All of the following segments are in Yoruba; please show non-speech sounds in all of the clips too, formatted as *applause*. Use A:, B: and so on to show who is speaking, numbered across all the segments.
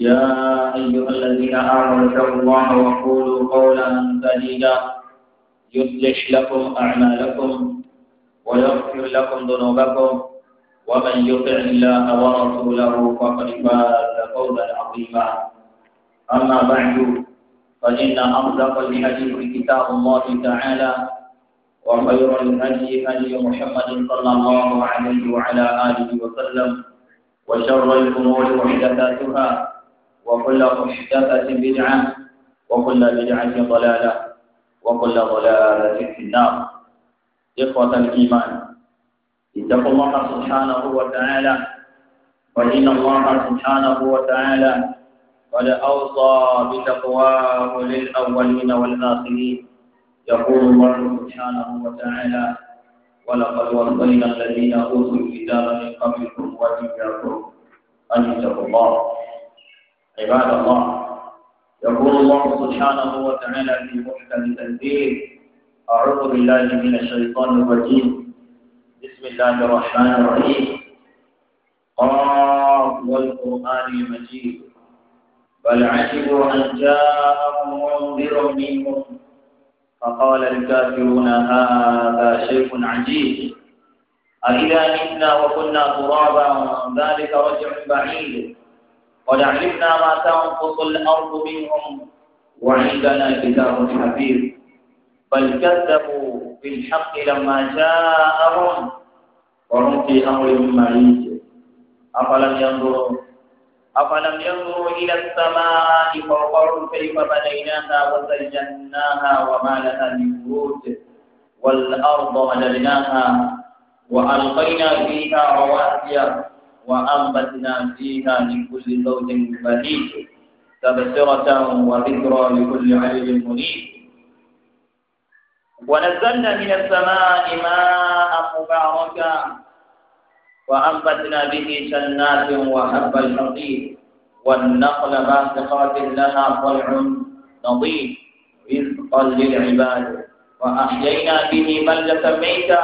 A: يا أيها الذين آمنوا اتقوا الله وقولوا قولا سديدا يصلح لكم أعمالكم ويغفر لكم ذنوبكم ومن يطع الله ورسوله فقد فاز فوزا عظيما أما بعد فإن أصدق الحديث كتاب الله تعالى وخير الهدي هدي محمد صلى الله عليه وعلى آله وسلم وشر الأمور محدثاتها وكل محدثة بدعة وكل بدعة ضلالة وكل ضلالة في النار إخوة الإيمان اتقوا الله سبحانه وتعالى وإن الله سبحانه وتعالى قد أوصى بتقواه للأولين والآخرين يقول الله سبحانه وتعالى ولقد وصينا الذين أوتوا الكتاب من قبلكم وإياكم أن اتقوا الله عباد الله يقول الله سبحانه وتعالى في محكم تنزيل أعوذ بالله من الشيطان الرجيم بسم الله الرحمن الرحيم قاف والقرآن المجيد بل عجبوا أن جاءهم منذر منهم فقال الكافرون هذا شيء عجيب أإذا متنا وكنا ترابا ذلك رجع بعيد قد علمنا ما تنقص الأرض منهم وعندنا كتاب حفيظ بل كذبوا بالحق لما جاءهم وهم في أمر معيش أفلم ينظروا أفلم ينظروا إلى السماء فوقهم كيف بنيناها وزيناها وما لها من فروج والأرض مددناها وألقينا فيها رواسي وأنبتنا فيها من كل زوج بهيج تبصرة وذكرى لكل علم منيب ونزلنا من السماء ماء مباركا وأنبتنا به جنات وحب الحصيد والنخل باسقات لها طلع نضيد رزقا للعباد وأحيينا به بلدة ميتا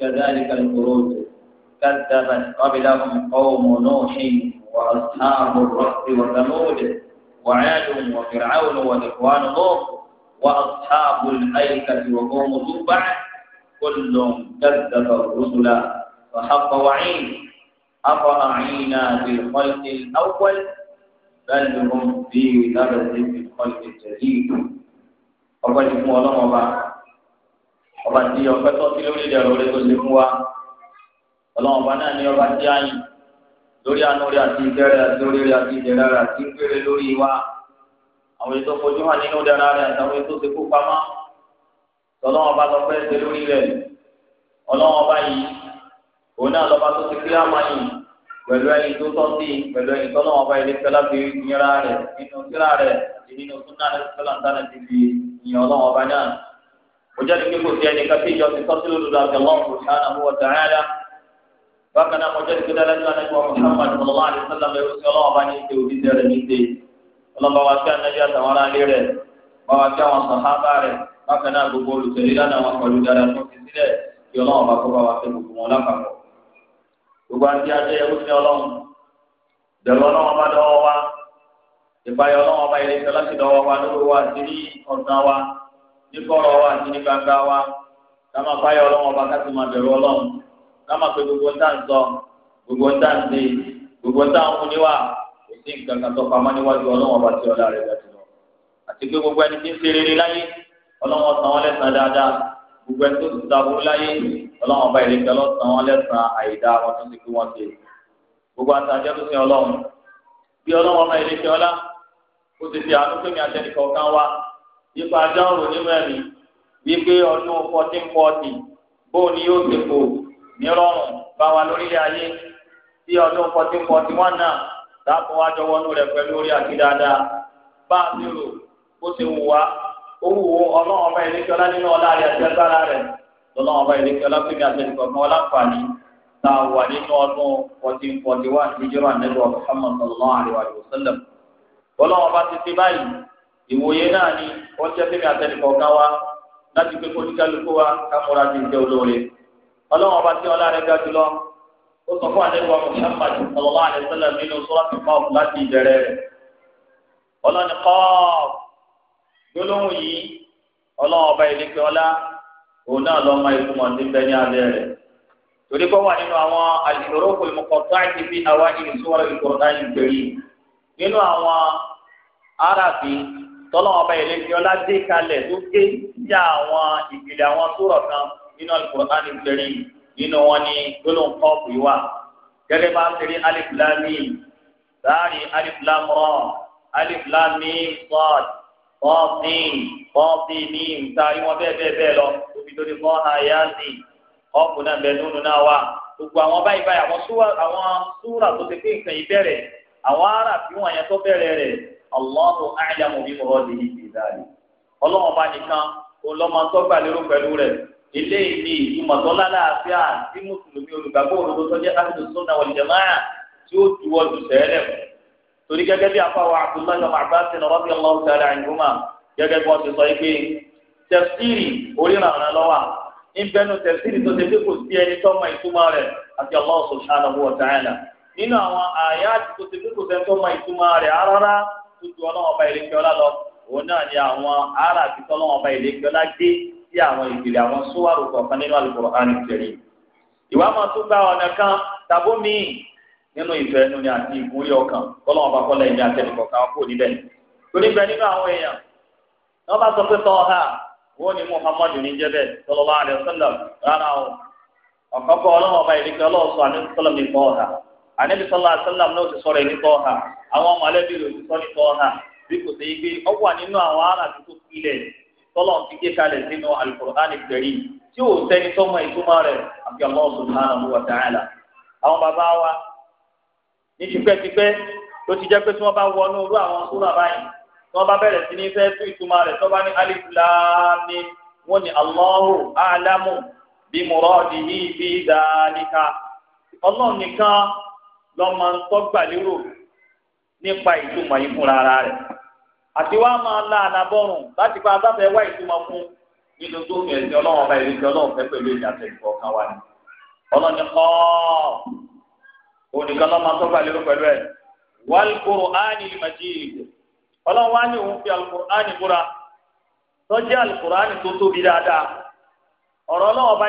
A: كذلك الخروج كذبت قبلهم قوم نوح وأصحاب الرس وثمود وعاد وفرعون وإخوان لوط وأصحاب الأيكة وقوم تبع كل كذب الرسل فحق وعيد أفأعينا بالخلق الأول بل هم في لبس الخلق الجديد ọpẹ́ ti fún ọlọ́mọba ọba tí ọpẹ́ tó ti lórí ọlọ́run ọba náà ní ọba tí a yìn lórí àánú rẹ̀ àti ìdẹ̀rẹ̀ àti orí rẹ̀ àti ìdẹ̀rẹ̀ rẹ̀ àti ìgbére lórí wa àwọn ètò fojú hàn nínú dára rẹ̀ àtàwọn ètò ti kó pamọ́ ọlọ́run ọba lọ́pẹ́ ṣe lórí rẹ̀ ọlọ́run ọba yìí òun náà lọ́ba tó ti kí á máa yìn pẹ̀lú ẹni tó tọ́ sí pẹ̀lú ẹni tọ́lọ́ ọba ilé fẹ́lá fi yẹra rẹ̀ nínú síra rẹ̀ àti nínú súnà rẹ̀ fẹ́lá ńlá ti bákan náà mo jẹ́ ìgbé dáadáa nípa nípa Muhammad sallallahu alaihi wasallam ẹ̀rọ sí ọlọ́wọ́ bá ní ìṣe òbí ṣe rẹ̀ ní ìṣe ọlọ́ba wa kí anájú àtàwọn aráalé rẹ̀ bá wa kí àwọn sàhábà rẹ̀ bákan náà gbogbo olùtẹ̀lé lánàá wọn pẹ̀lú dáadáa tó fi sílẹ̀ kí ọlọ́wọ́ bá kó bá wa ṣe gbogbo wọn lápapọ̀. gbogbo àti ajé ẹ̀rú sí ọlọ́run dẹ̀rù ọlọ́wọ́ bá dọ́wọ́ wa ìpayọ̀ ọlọ́wọ́ bá ilé iṣẹ́ láti dọ́wọ́ wa lórí wa sí ní ọ̀sán wa ní kọ́rọ̀ wa sí ní gbangba wa ká máa payọ̀ ọlọ́wọ́ bá ká sì máa bẹ̀rù ọlọ́run káma pé gbogbo ń tàn sọ gbogbo ń tàn sí gbogbo ń tàn fún níwà kò sí nǹkan kan tó pamọ́ níwájú ọlọ́wọ́n ọba tí ọlá rẹ̀ gbàtí lọ. àti pé gbogbo ẹni tí ń ṣe rere láyé ọlọ́wọ́n san wọ́n lẹ́sàn dáadáa gbogbo ẹni tó ti dàbò láyé ọlọ́wọ́n ọba ìrèké ọlọ́sàn wọ́n lẹ́sàn àìdá wọn tó ti kú wọn ṣe. gbogbo àtàjẹ́ tó ṣe ọlọ́run bí ọlọ́wọ́n ọba ìrèké ọlá ó ti fi àánú pé àtẹnìkọ̀ọ̀kan wá nípa adáhùn onímọ̀ ẹ̀mí wípé ọdún fourteen forty ni yóò nírọ̀rùn bá wa lórílẹ̀ ayé tí ọdún fourteen forty one náà dáàbò wá jọ wọnú rẹ̀ pẹ̀lú orí àti dáadáa bá a ti rò bó ṣe wù wá ó wù wó ọlọ́run ọba ìlékiọlá nínú ọlá rẹ̀ àti agbára rẹ̀ lọ́lọ́run ọba ìlékiọlá pé mi àti ẹnìkan kan ọláǹfààní tá a wà nínú ọdún fourteen forty one níjọba nílùú Muhammad sallallahu alayhi wa sallam ọlọ́run ọba ti ti báyìí ìwòye náà ni wọ́n ṣẹ́ fẹ́mi àtẹnìkọ̀ọ̀kan wa láti pé kóníkálukú wa ká múra ti jẹ́ olóore ọlọ́run ọba tí ọlá rẹ̀ ga jùlọ ó sọ fún àlejò Muhammad sallallahu alaihi wasallam nínú sọ́ọ́tù kọ́ọ̀f láti ìbẹ̀rẹ̀ rẹ̀ ọlọ́ni kọ́ọ̀f gbólóhùn yìí ọlọ́run ọba ìlẹ́kẹ̀ ọlá òun náà lọ́ọ́ máa ìfúnmọ̀ ní bẹ́ẹ̀ ní alẹ́ rẹ̀ torí kọ́ wà nínú àwọn al-huruf al-muqatta'ah fi awa'il suwar al-Qur'an al-karim nínú àwọn arábì tọ́lọ́wọ́n ọba ìlẹ́kẹ̀ ọlá dé kalẹ̀ tó ké sí àwọn ìpìlẹ̀ àwọn sùúrà kan nínú Al-Qur'an Al-Karim nínú wọn ní gbólóhùn kọ́ọ̀pù yìí wà gẹ́gẹ́ bá ń tẹ̀lé alif lam mim láàrin alif lam ra alif lam mim sad kọ́ọ̀tìn kọ́ọ̀tìn ní ìtaari wọn bẹ́ẹ̀ bẹ́ẹ̀ bẹ́ẹ̀ lọ tóbi tó ní kọ́ àyáàsì kọ́ọ̀pù náà bẹ́ẹ̀ nínú náà wà gbogbo àwọn báyìí báyìí àwọn súrà tó ti pín nǹkan yìí bẹ̀rẹ̀ àwọn ará fi wọn yẹn tó bẹ̀rẹ̀ rẹ̀ Allahu a'lamu bí mo rọ́ọ̀dì yìí ti dáa ọlọ́wọ́n bá nìkan olọ́mọ tó gbà lérò pẹ̀lú rẹ̀ eléyìí ni ìtumọ̀ tó lálàáfíà tí mùsùlùmí olùgbàgbọ́ òdodo tó jẹ́ ahlu sunna wal jamaa tí ó ju ọdún sẹ́lẹ̀ fún. torí gẹ́gẹ́ bí afáwọ̀ abdullahi ọmọ àbáṣe ní rọ́bì ọlọ́wọ́ sẹ́lẹ̀ àyìnkúmá gẹ́gẹ́ bí wọ́n ti sọ pé tẹ̀síìrì oríran lọ́wọ́ ìbẹ́nu tẹ̀síìrì tó ti fi kò sí ẹni tọ́mọ ìtumọ̀ rẹ̀ àti Allah sí àwọn ìpìlẹ̀ àwọn sówárò kọ̀ọ̀kan nínú ìwà máa tún gba ọ̀nà kan tàbó míì nínú ìfẹ́ ẹnu ni àti ọkàn kọ́lọ́ kọ́lẹ̀ àtẹnukọ̀ kan níbẹ̀ torí bẹ sọ pé wọ́n ní Muhammadu ní jẹ́bẹ̀ rárá o tọ́lọ̀ ti gé kalẹ̀ sínú alukur'an ìgbẹ̀rí tí ò sẹ́ni tọ́mọ ìtumọ̀ rẹ̀ àfi Allah subhanahu wa ta'ala. àwọn bàbá wa ní tipẹ́tipẹ́ ló ti jẹ́ pé tí wọ́n bá wọnú irú àwọn súnà báyìí tí wọ́n bá bẹ̀rẹ̀ sí ní fẹ́ tú ìtumọ̀ rẹ̀ tọ́ba ní alif lam mim wọ́n ní Allahu a'lamu bi muradihi bi dhalika. ọlọ́run nìkan lọ́mọ ń tọ́gbà lérò nípa ìtumọ̀ yìí fúnra rẹ̀ àti wá máa la àdàbọ̀rùn láti pa abáfẹ́ wá ìtumọ̀ fún nínú tó fi ẹ̀sìn ọlọ́run ọba ìrètí ọlọ́run fẹ́ pẹ̀lú ìjà tẹ̀síkọ̀ kan wá ọlọ́ni kọ́ onìkan lọ́mọ tó gbà lérò pẹ̀lú ẹ̀ wàlùkùrù áni ọlọ́run wá ní òun fi àlùkùrù búra tọ́jú àlùkùrù tó tóbi dáadáa ọ̀rọ̀ ọlọ́run ọba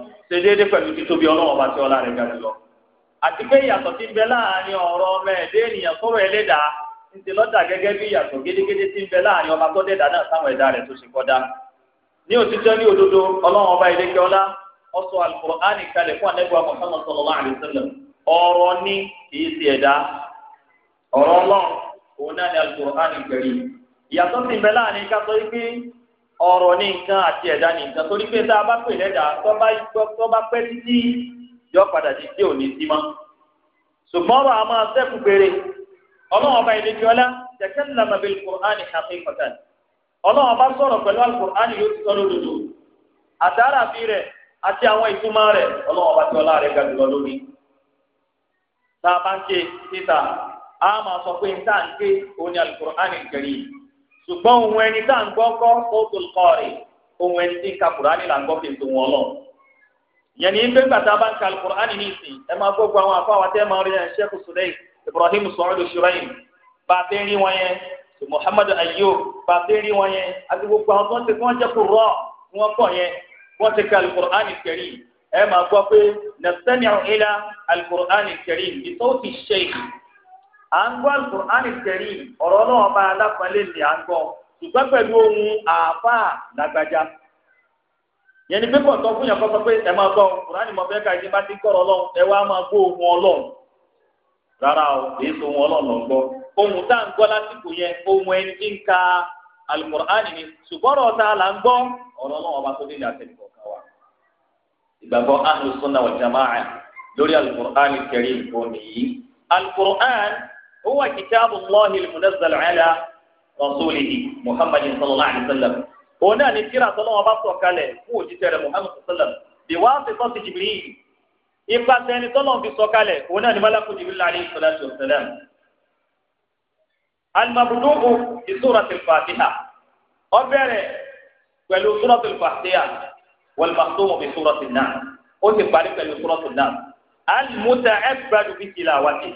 A: ní ṣe déédéé pẹ̀lú títóbi ọlọ́wọ́n tí ọlá ga jùlọ. àti pé ti ń bẹ láàrin ọ̀rọ̀ ọmọ ẹ̀dẹ́ ènìyàn sọ̀rọ̀ ẹlẹ́dàá ń ti gẹ́gẹ́ bí ìyàtọ̀ gédégédé ti ń bẹ láàrin ọba tó náà sáwọn tó ṣe ní ní òdodo ọba ọlá ọsọ fún ní kìí ti òun náà ní ti ọ̀rọ̀ ní nǹkan àti ẹ̀dá ní nǹkan torí pé tá a bá pè lẹ́dà tó bá pẹ́ títí yọ padà di tí ò ní sí mọ́. ṣùgbọ́n ọ̀rọ̀ a máa sẹ́kù péré ọlọ́run ọba ìdíjọ́ ọlá jẹ̀kẹ́ ńlámà bíi alukur'an kàfé kọ̀tàn ọlọ́run ọba sọ̀rọ̀ pẹ̀lú alukur'an yóò ti sọ̀rọ̀ lòdò àtàrà fi rẹ̀ àti àwọn ìtumọ̀ rẹ̀ ọlọ́run ọba tí ọlá rẹ̀ ga jùlọ lórí. tá a bá ń ké síta a máa sọ pé táà ń ké òun alukur'an kẹrin yìí ṣùgbọ́n ohun ẹni tá à ń gbọ́ kọ́ ó tó kọ́ rè ohun ẹni tí ń ka kùránì là ń gbọ́ kí n tó wọn lọ. ìyẹn ní pé gbàtà bá ń ka kùránì ní ìsìn ẹ máa gbọ́ gbọ́ àwọn afọ àwọn tẹ́ máa rí ẹ̀ ṣẹ́kù sùlẹ̀ Ibrahim sọ̀rọ̀ ṣùrẹ́yìn bá a fẹ́ rí wọn yẹn Muhammad Ayyub bá a fẹ́ rí wọn yẹn àti gbogbo àwọn tó ń tẹ kí wọ́n jẹ́ kó rọ̀ wọ́n pọ̀ yẹn wọ́n ti ka alukur'an kẹrin ẹ máa gbọ́ pé nasani'u ila alukur'an kẹrin bi à ń gbọ́ alukur'an kẹrì ọ̀rọ̀ náà bá alápọ̀lẹ́ ní à ṣùgbọ́n pẹ̀lú ohun àáfà yẹn ni pípọ̀ tó fún yàn kọ́ sọ pé ẹ máa gbọ́ mọ̀ bá ti kọ́rọ̀ ẹ wá máa gbọ́ ohun ọlọ́run rárá o ohun ọlọ́run lọ gbọ́ ohun tá à ń gbọ́ lásìkò yẹn ohun ẹni tí ń ka alukur'an ni ṣùgbọ́n ọ̀tá là ń gbọ́ ọ̀rọ̀ هو كتاب الله المنزل على رسوله محمد صلى الله عليه وسلم هنا نتيرا صلى الله عليه وسلم هو جتير محمد صلى الله عليه وسلم بواسطة جبريل ipa sẹni tọ́lọ̀ fi sọ̀kalẹ̀ òun náà ni malaku jibril alayhi salatu wa salam. alimabudugu ti suratul fatiha ó bẹ̀rẹ̀ pẹ̀lú suratul fatiha wal-makhtumu bi suratin nas ó ti parí pẹ̀lú suratin nas alimuta'abbadu bi tilawati.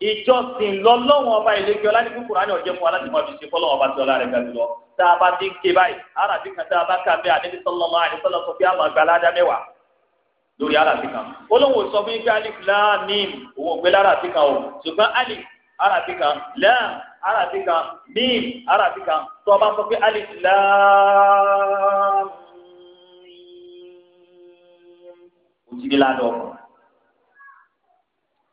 A: ìjọsìn lọ́lọ́wọ́n ọba ìlẹ́kẹ́ ọlá ní kúkúrú ọ̀jẹ̀ fún fọlọ́wọ́n ọba tí ọlá rẹ̀ gbàgbé tá a bá ti ń ké báyìí arábí kan tá a bá kà ń bẹ àdébí sọlọ́mọ àdébísọ́lọ́ mẹ́wàá lórí kan. olóhùn sọ fún ibi alif o ṣùgbọ́n alif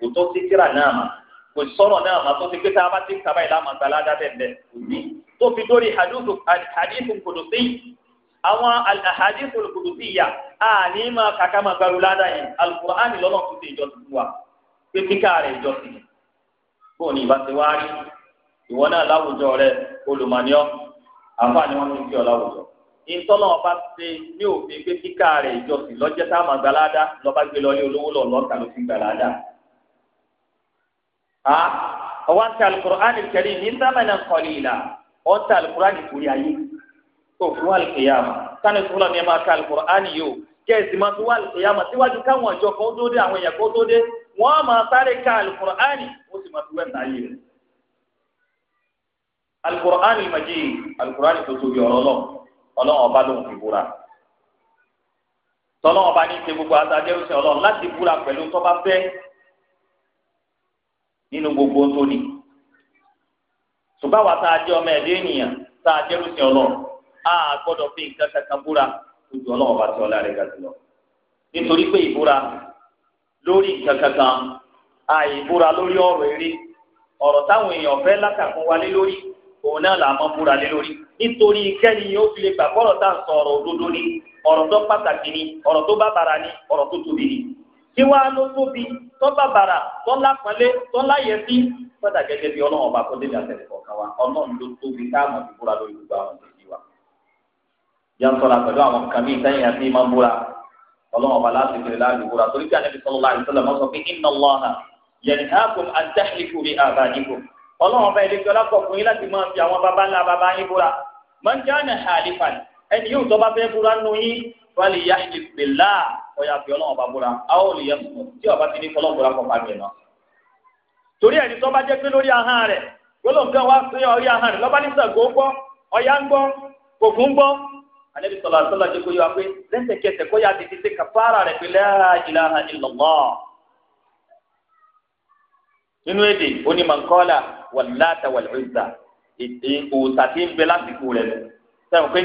A: kò tó sí kíra náà mà kò sọ̀rọ̀ náà mà tó ti gbé sábà tí sábà yìí láàmà gbà ládàbẹ̀ ńbẹ kò ní. tó fi dórí hadithu kudusi àwọn hadithu kudusi yà á ní máa kàkà máa gbàrú ládàá yìí alukur'an lọ́nà tó ti ìjọ tuntun wa pé kíkà rẹ̀ ìjọ sí i. bó o ní ìbá ti wá rí ìwọ náà láwùjọ rẹ olùmọ̀nìyàn àǹfààní wọn fi ọ ìtọ́nà ọba ṣe ní òfin pé kíkà rẹ̀ ìjọsìn lọ́jẹ́ tá a lọ́ba gbé lọ́lé olówó lọ lọ́ta ló fi gbalada ọwọ́n ta alukur'an kẹrin ní sámẹ́nà kọ́lìlà ọ̀n ta alukur'an kúrì ayé tó fún alùkìyàmù sani sọlọ ní ẹ máa ta alukur'an yìí o kẹ́sì máa tún wá alùkìyàmù síwájú káwọn ọjọ́ kan ó tó dé àwọn èèyàn kan ó tó dé wọ́n máa sáré ka alukur'an ó sì máa tún wẹ́ta ayé rẹ̀ alukur'an ìmàjì alukur'an tó tóbi ọ̀rọ̀ lọ ọlọ́run ọba ló ń fi búra tọ́lọ́run ọba ní ti gbogbo nínú gbogbo tó ní. ṣùgbọ́n àwa tá a jẹ́ ọmọ ẹ̀dẹ́ ènìyàn tá a jẹ́ lùsìn ọlọ́run a gbọ́dọ̀ fi nǹkan kankan búra lójú ọlọ́run bá ti ọlá rẹ̀ ga jùlọ. nítorí pé ìbúra lórí nǹkan kankan àìbúra lórí ọ̀rọ̀ eré ọ̀rọ̀ táwọn èèyàn fẹ́ látàkùn wálé lórí òun náà là máa búra lé lórí nítorí kẹ́ni yóò fi lè gbà tá à ń sọ ọ̀rọ̀ òdodo ni ọ̀rọ̀ tó pàtàkì ni ọ̀rọ̀ tó bàbàrà ni ọ̀rọ̀ tó tóbi ni kí wọ́n á ló tóbi tó bàbàrà tó lápọ̀lé tó láyẹ̀ sí fọ́dà gẹ́gẹ́ bí ọlọ́run ọba tó débi àtẹ̀lẹ́ kọ̀ọ̀kan wa ọlọ́run ló tóbi táàmù ti búra lórí gbogbo àwọn ìdíjí wa. ìyá ń sọ̀rọ̀ pẹ̀lú àwọn kan bíi sẹ́yìn àti ìmọ̀ búra ọlọ́run ọba láti bèrè láàyè búra torí bí Ànábì sallallahu alaihi wasallam sọ pé inna Allaha yanhaakum an tahlifu bi abaa'ikum ọlọ́run ọba ọ̀yà fi ọlọ́run bá búra a ó lè yẹ sùn tí ọba ti ní fọlọ́run búra kọ́ka mi lọ. torí ẹni tó bá jẹ́ pé lórí ahọ́n rẹ̀ gbólóǹkan wá sí orí ahọ́n rẹ̀ lọ́ba ní Ṣàngó gbọ́ Ọya ń gbọ́ Ògún gbọ́ anabi sọlá sọlá jẹ́ kó yọ pé lẹ́sẹ̀kẹsẹ̀ kó yà tètè ṣe kàfàrà rẹ̀ pé la ilaha rẹ̀ pé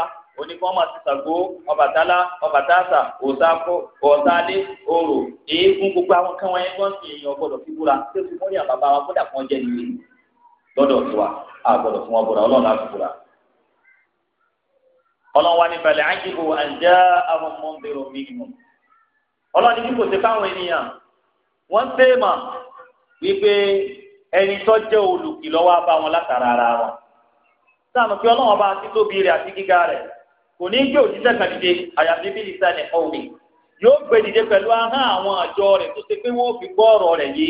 A: ń onye máa ti Ṣàngó Ọbàtálá ọbàtàṣà òsàkó ọ̀sálé orò èégún gbogbo àwọn kan wọ́n èèyàn fi búra tí àbàbà kódà kan jẹ́ lọ́dọ̀ wa a gbọ́dọ̀ fún ọlọ́run láti búra. ọlọ́run wa ní balẹ̀ àwọn ọmọ ń bèrò ọlọ́run ní kò sí fáwọn ènìyàn wọ́n ṣe mà wípé ẹni tó jẹ́ kò ní í gbé òṣìṣẹ́ kan dìde àyàfi bí lisa ní ọ̀wé yóò gbé dìde pẹ̀lú ahọ́n àwọn àjọ rẹ̀ tó ṣe pé wọ́n fi gbọ́ ọ̀rọ̀ rẹ̀ yé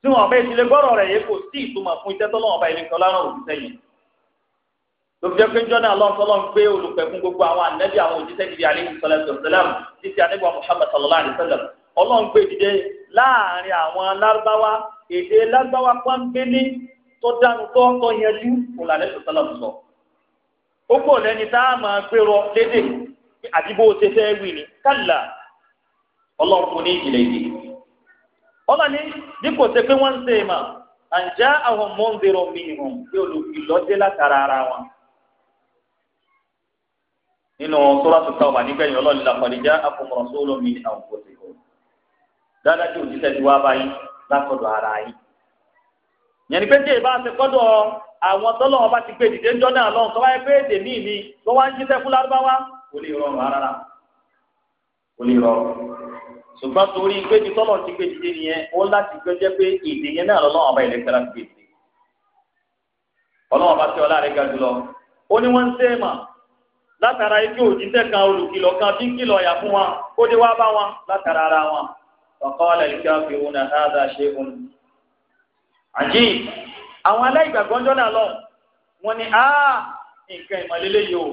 A: tí wọ́n bẹ́ẹ̀ ti lè gbọ́ ọ̀rọ̀ rẹ̀ yé kò sí ìtumọ̀ fún iṣẹ́ tọ́lọ́wọ́n bá ilé kan lánàá òṣìṣẹ́ yìí tó fi jẹ́ pé jọ́nà alọ́sọ́lọ́ ń gbé olùpẹ̀ fún gbogbo àwọn ànábì àwọn òjíṣẹ́ gidi aleyhi sọlẹ́tọ̀ sẹlẹ̀m títí anẹ́gbà Muhammad sallallahu dìde láàrin àwọn ó kò lẹ́ni tá a máa gbérọ lédè àti bó o ṣe fẹ́ wí ni kálá ọlọ́run kò ní ìjìnlẹ̀ yìí ọlọ́run ní dípò ṣe pé wọ́n ń ṣe mà àǹjá àwọn mọ́ńdéró mìíràn bí olùkìlọ́dé látara ara wọn nínú sóràtú tàwọn nígbẹ̀yìn ọlọ́run làkọ̀dé já mi àwọn kò sí kò dáadáa tí òjíṣẹ́ ti wá báyìí látọ̀dọ̀ ara yìí yẹn ni pé tí ìbá ṣe kọ́dọ̀ àwọn tọ́lọ́ wọn ti gbé dìde ńjọ́ náà lọ́hùn tó wáyé pé èdè míì tó wá ń jíṣẹ́ fún lárúbáwá kò lè rọrùn rárá kò lè rọrùn ṣùgbọ́n torí pé tí tọ́lọ́ ti gbé dìde nìyẹn ó láti gbé jẹ́ pé èdè yẹn náà lọ́wọ́ ọba ilẹ̀ kẹlá gbé dìde ọlọ́wọ́ bá tí ọlá rẹ̀ ga jùlọ ó ní wọ́n ń sẹ́ mà látara ikú òjíṣẹ́ kan olùkìlọ̀ kan tí kìlọ̀ ọ̀yà fún wa kó dé wá bá wọn látara ara wọn. ọ̀kọ́ àjí àwọn aláìgbàgbọ́ ń jọ́nà lọ wọn ni a nǹkan ìmọ̀lélẹ́ yìí o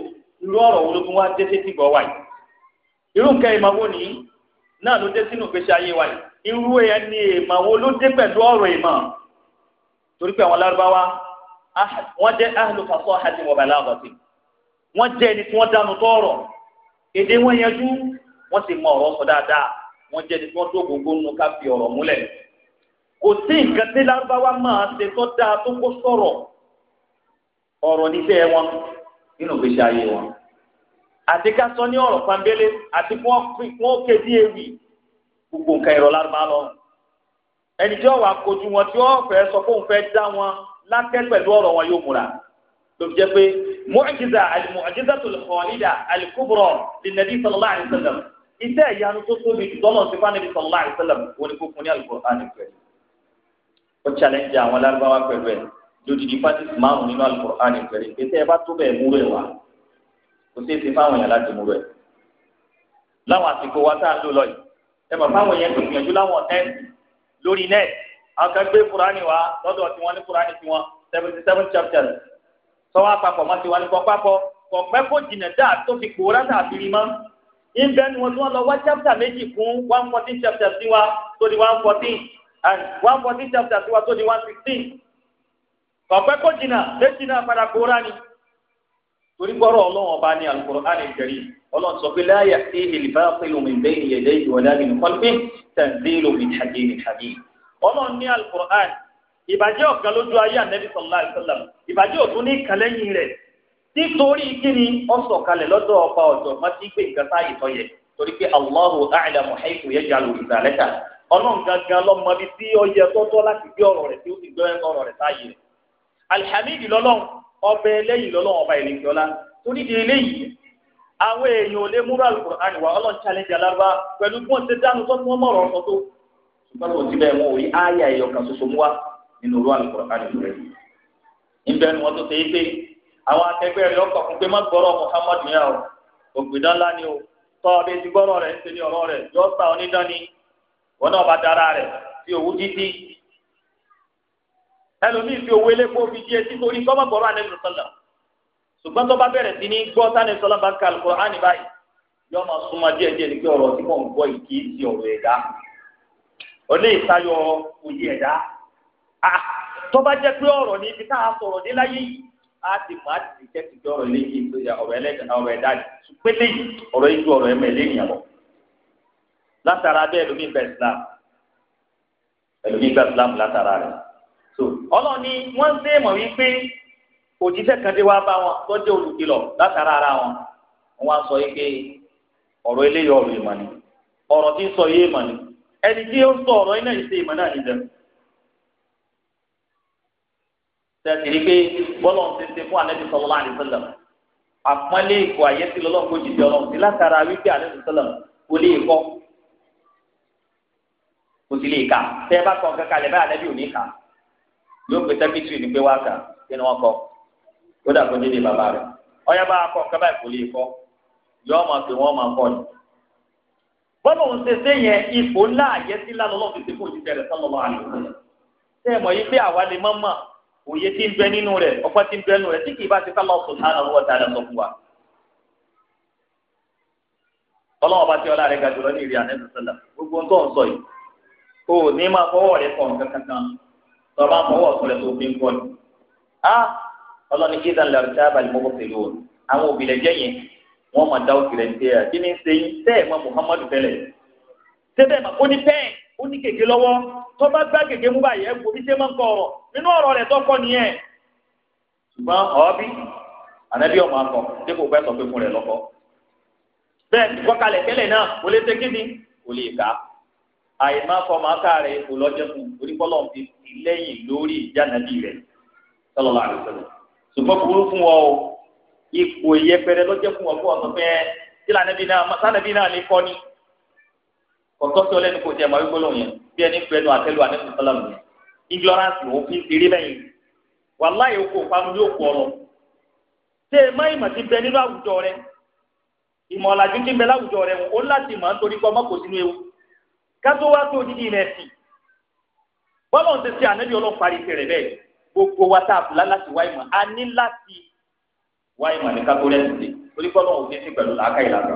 A: irú ọ̀rọ̀ wo ló tún wá dé sétí gbọ́ wáyé irú nǹkan ìmọ̀wó ni náà ló dé sínú ìgbésí ayé wáyé irú ẹni ìmọ̀wó ló dé pẹ̀lú ọ̀rọ̀ ìmọ̀ torí pé àwọn lárúbáwá ah, wọ́n jẹ́ ahlu fasahati wa balagati wọ́n jẹ́ ẹni tí wọ́n dánu tọ́ọ̀rọ̀ èdè wọn yanjú wọ́n sì mọ ọ̀rọ̀ sọ dáadáa wọ́n jẹ́ ẹni tí wọ́n tó gbogbo nù ká fi ọ̀rọ̀ múlẹ̀ kò sí nǹkan tí lárúbáwá máa ṣe tó dáa tó kó sọ̀rọ̀ ọ̀rọ̀ níṣẹ́ wọn nínú ìgbésí ayé wọn àti ká sọ ní ọ̀rọ̀ pàmbélé àti kí wọ́n kéde ewì gbogbo nǹkan ìrọ̀ lárúbáwá lọ ẹni tí ó kojú wọn tí ó fẹ́ sọ fóun fẹ́ dá wọn lákẹ́ pẹ̀lú ọ̀rọ̀ wọn yóò múra ló fi jẹ́ pé mu'jiza al tó tóbi jù tọ́lọ̀ sí fún anabi sallallahu alaihi wasallam ó challenge àwọn lárúbáwá pẹ̀lú ẹ̀ lódìdí fásitì márùn nínú Al-Qur'ani pẹ̀lú ìpèsè ẹ bá tó bẹ́ẹ̀ múrò ẹ̀ wá kò sí èsì fáwọn èèyàn láti múrò ẹ̀ láwọn àsìkò wa tá à ń lò lọ yìí ẹ mọ̀ fáwọn èèyàn tó gbìyànjú láwọn nẹ́ẹ̀sì lórí nẹ́ẹ̀sì akẹgbẹ́ Kùránì wa lọ́dọ̀ tiwọn ní Kùránì tiwọn seventy seven chapters sọ́wọ́ àpapọ̀ má ti wà ní kọ́pápọ̀ kọ̀pẹ́ kò jìnà dáa tó fi pòórá tàbí rí mọ́ ìbẹ́ni wọn tí wọ́n lọ wá chapter méjì kún one fourteen chapters tiwa tó di one fourteen and one fourteen chapter tí wọ́n tó di one sixteen ọ̀pẹ́ kò jìnnà lè jìnnà padà kóra ni torí gbọ́rọ̀ ọlọ́run ọba ní al-Qur'an al-Karim ọlọ́run sọ pé la ya'tihi al-batilu min bayni yadayhi wa la min khalfihi tanzilun min hakimin ọlọ́run ní al-Qur'an ìbàjẹ́ ọ̀kan lójú ayé ànábì sallallahu alaihi ìbàjẹ́ òtún ní kàlẹ́yìn rẹ̀ nítorí kíni ọ̀sọ̀ kalẹ̀ lọ́dọ̀ ọba ọlọ́run gangan lọ́mọbi tí ó yẹ tọ́tọ́ láti gbé ọ̀rọ̀ rẹ̀ tí ó sì gbé ọ̀rọ̀ rẹ̀ sáàyè rẹ̀ alihamidi lọ́lọ́run ọbẹ̀ eléyìí lọ́lọ́run ọba ìlẹ̀kẹ́ ọlá torí di eléyìí àwọn èèyàn ò lè múra alukur'an wa ọlọ́run challenge alárúbá pẹ̀lú bí wọ́n ti dánu tó tí wọ́n ṣùgbọ́n kò ti bẹ́ẹ̀ mú ni wọ́n tó ṣe é pé àwọn akẹgbẹ́ rẹ̀ ọkọ̀ fún Muhammad yẹn o ògbìdánlá ni o tọ́ ọ bẹ́ẹ̀ ti gbọ́rọ̀ rẹ̀ ṣe ní wọn náà bá dára rẹ̀ fi òwú títí fi owó elépo fi di etí torí kọ́ gbọrọ gbọ́rọ̀ àlejò sọlá ṣùgbọ́n tó bá bẹ̀rẹ̀ sí ní sani sọlá bá ka yọ máa súnmọ́ díẹ̀ díẹ̀ ní pé tí yìí kì í ti òye tó bá pé ní ibi tá a sọ̀rọ̀ ní láyé yìí á ti mọ̀ á ti tẹ́tí ọ̀rọ̀ eléyìí ọ̀rọ̀ ẹ̀dá ṣùgbọ́n eléyìí ọ̀rọ̀ yìí ju ọ̀rọ̀ ẹ̀mẹ̀ lé látara bẹ́ẹ̀ lómi gba islam ẹlòmí gba islam látara rẹ̀ so ọlọ́run ni wọ́n ń sèmọ̀ wípé òjíṣẹ́ kan dé wá bá wọn tó jẹ́ olùkìlọ̀ látara ara wọn wọ́n wá sọ wípé ọ̀rọ̀ eléyìí ọ̀rọ̀ ìmọ̀ ni ọ̀rọ̀ tí ń sọ yé ìmọ̀ ni ẹni tí ó ń sọ ọ̀rọ̀ iná ìṣe ìmọ̀ náà nìjẹun tẹ̀sí rí pé bọ́lá ń tẹ̀sí fún Ànábì sallallahu alaihi wasallam àpọ́nlé ìkọ̀ àyẹ́sí lọ́lọ́gbọ́jì ti kò sí lè kà tẹ ẹ bá kọ nǹkan kalẹ̀ báyà lẹ́bí òní kà yóò pe sẹ́kítírì ní pé wá kà kí ni wọ́n kọ ó dà kó dédé bàbá rẹ̀ ọ̀yá bá kọ nǹkan báyìí kò yọ ọmọ pé wọ́n máa kọ ni. bọ́lá òun ṣe ṣe yẹn ipò ńlá àyẹ́sí lálọ́lọ́ fi ṣe fún òṣìṣẹ́ rẹ̀ sọ́lọ́lọ́ àlùfẹ́ tẹ́ ẹ mọ̀ yí pé àwa lè mọ́mọ́ òye tí ń bẹ nínú rẹ̀ ọpẹ́ tí ń bẹ nínú rẹ̀ tí kì bá ti sálọ sùn náà lọ́wọ́ tá lọ sọ fún wa. ọlọ́wọ́ bá ti ọlá rẹ̀ gàdúrà ní ìrìn àná ìsọ̀sọ́lá gbogbo ohun tó ń sọ yìí kó o ní máa fọwọ́ rẹ kọ̀ nǹkan kankan tó o bá ń fọwọ́ ọ̀tún rẹ tó o fi ń kọ́ ni. a ọlọ́ni kí ìdánilẹ̀ àti sábà lè mọ́kọ́ pẹ̀lú o àwọn òbí lẹ jẹ́yìn wọ́n máa dá òkè rẹ̀ ṣe àti ní ṣe yín tẹ́ ẹ̀ mọ́ Muhammadu tẹ́lẹ̀ tẹ́lẹ̀ mà ó ní pẹ́ẹ́n ó ní kèké lọ́wọ́ tó bá gbá kèké mú báyìí ẹ̀ kò ní ṣe máa ń kọ ọ̀rọ̀ nínú ọ̀rọ̀ rẹ̀ tó nìyẹn ṣùgbọ́n àyèmá fọmọ akáàrẹ ipò lọ́jọ́kùn oníkọ́lọ́ fi lẹ́yìn lórí ìjànàbí rẹ̀ sọlọ́lá rẹ̀ sọlọ́ ṣùgbọ́n burú fún ọ o ipò ìyẹpẹrẹ lọ́jọ́kùn ọgbọ́n ọ̀sán fẹ́ sílànàbí náà sànàbí náà lè kọ́ ni kọ̀tọ́ sí ọlẹ́nu kò jẹ́ màwí gbọ́lọ́ yẹn bí ẹni pẹ̀lú àtẹ́lu àdéhùn sọlá mi ignorance òfin ti rí bẹ́yìn wàláyé oko ìpanu yóò pọ̀ lọ ṣé ẹ má ìmọ̀ ti bẹ nínú àwùjọ rẹ ìmọ̀ ọ̀làjú ti bẹ láwùjọ rẹ òun láti mọ̀ nítorí pé ọmọ kò sínú ewu kátó wá tó dídí ilẹ̀ sí bọ́lá ń tẹ̀sí ànábì ọlọ́pàá rí tẹ̀rẹ̀ bẹ́ẹ̀ gbogbo wa tá a fìlà láti wá ìmọ̀ a ní láti wá ìmọ̀ ní kátó rẹ̀ sí torí bọ́lá ń tẹ̀sí pẹ̀lú làákà ìlànà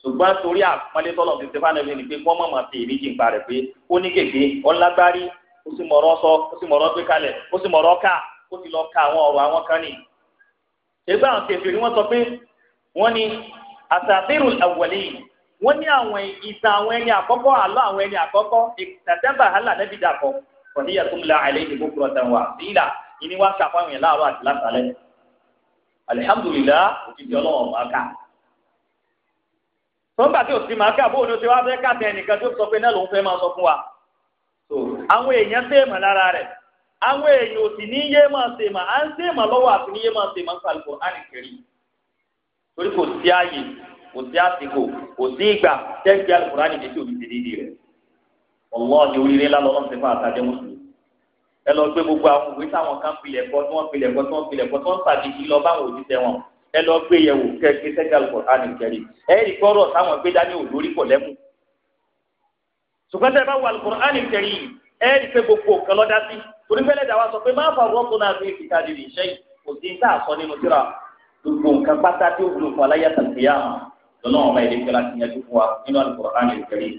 A: ṣùgbọ́n torí àpọ́nlé tọ́lọ̀ ti sẹ́fà náà ni pé wọ́n mọ̀ máa fi èmi jìn pa rẹ̀ pé ó ní gègé ọlágbárí ó sì mọ̀rọ̀ sọ ó sì mọ̀rọ̀ gbé kalẹ̀ ó sì mọ̀rọ̀ ká ó sì lọ ka àwọn ọ̀rọ̀ àwọn kan nì. ṣègbè àwọn tèfè ni sọ pé wọ́n ní àtàtírù àwọ̀lẹ́yìn wọ́n ní àwọn ìtàn àwọn ẹni àkọ́kọ́ àlọ́ àwọn ẹni àkọ́kọ́ ìtàdàbà hàlà nẹ́bí dàpọ̀ kọ̀níyà tó ń la àlẹ́ ìdìbò kúrọ̀ tẹ̀ wá sílà ìní wá sàfáwọn yẹn láàárọ̀ àti lásàlẹ̀ alihamdulilah òtítì ọlọ́wọ́ máa kà sọ́ńgbà tí o ti máa kà bóun ni o ti wá fẹ́ kà tẹ ẹnìkan tó sọ pé náà lòun fẹ́ máa sọ fún wa àwọn èèyàn tẹ́ mọ̀ lára rẹ̀ àwọn èèyàn ò sì ní kò sí àsìkò kò sí ìgbà tẹ́ǹtì alukurani ní tí o fi ti dídì rẹ̀ ọlọ́ọ̀ni oríire ńlá lọ́wọ́ ṣe fún àtàdé mùsùlùmí ẹ lọ gbé gbogbo àwọn òwe táwọn kan pilẹ̀ kọ́ tí wọ́n pilẹ̀ kọ́ tí wọ́n pilẹ̀ kọ́ tí wọ́n sàdéjì lọ báwọn òjíṣẹ́ wọn ẹ lọ gbé yẹ̀wò kẹ́kẹ́ tẹ́ǹtì alukurani kẹ́rì ẹ rí kọ́rọ̀ táwọn gbé dání òdórí pọ̀ lẹ́mú ṣùgbọ́n tẹ́ bá wà alukurani kẹ́rì ẹ rí pé gbogbo nǹkan lọ́nà ọba ìdíkẹ́ láti yẹn tó fún wa nínú Al-Qur'an al-Karim.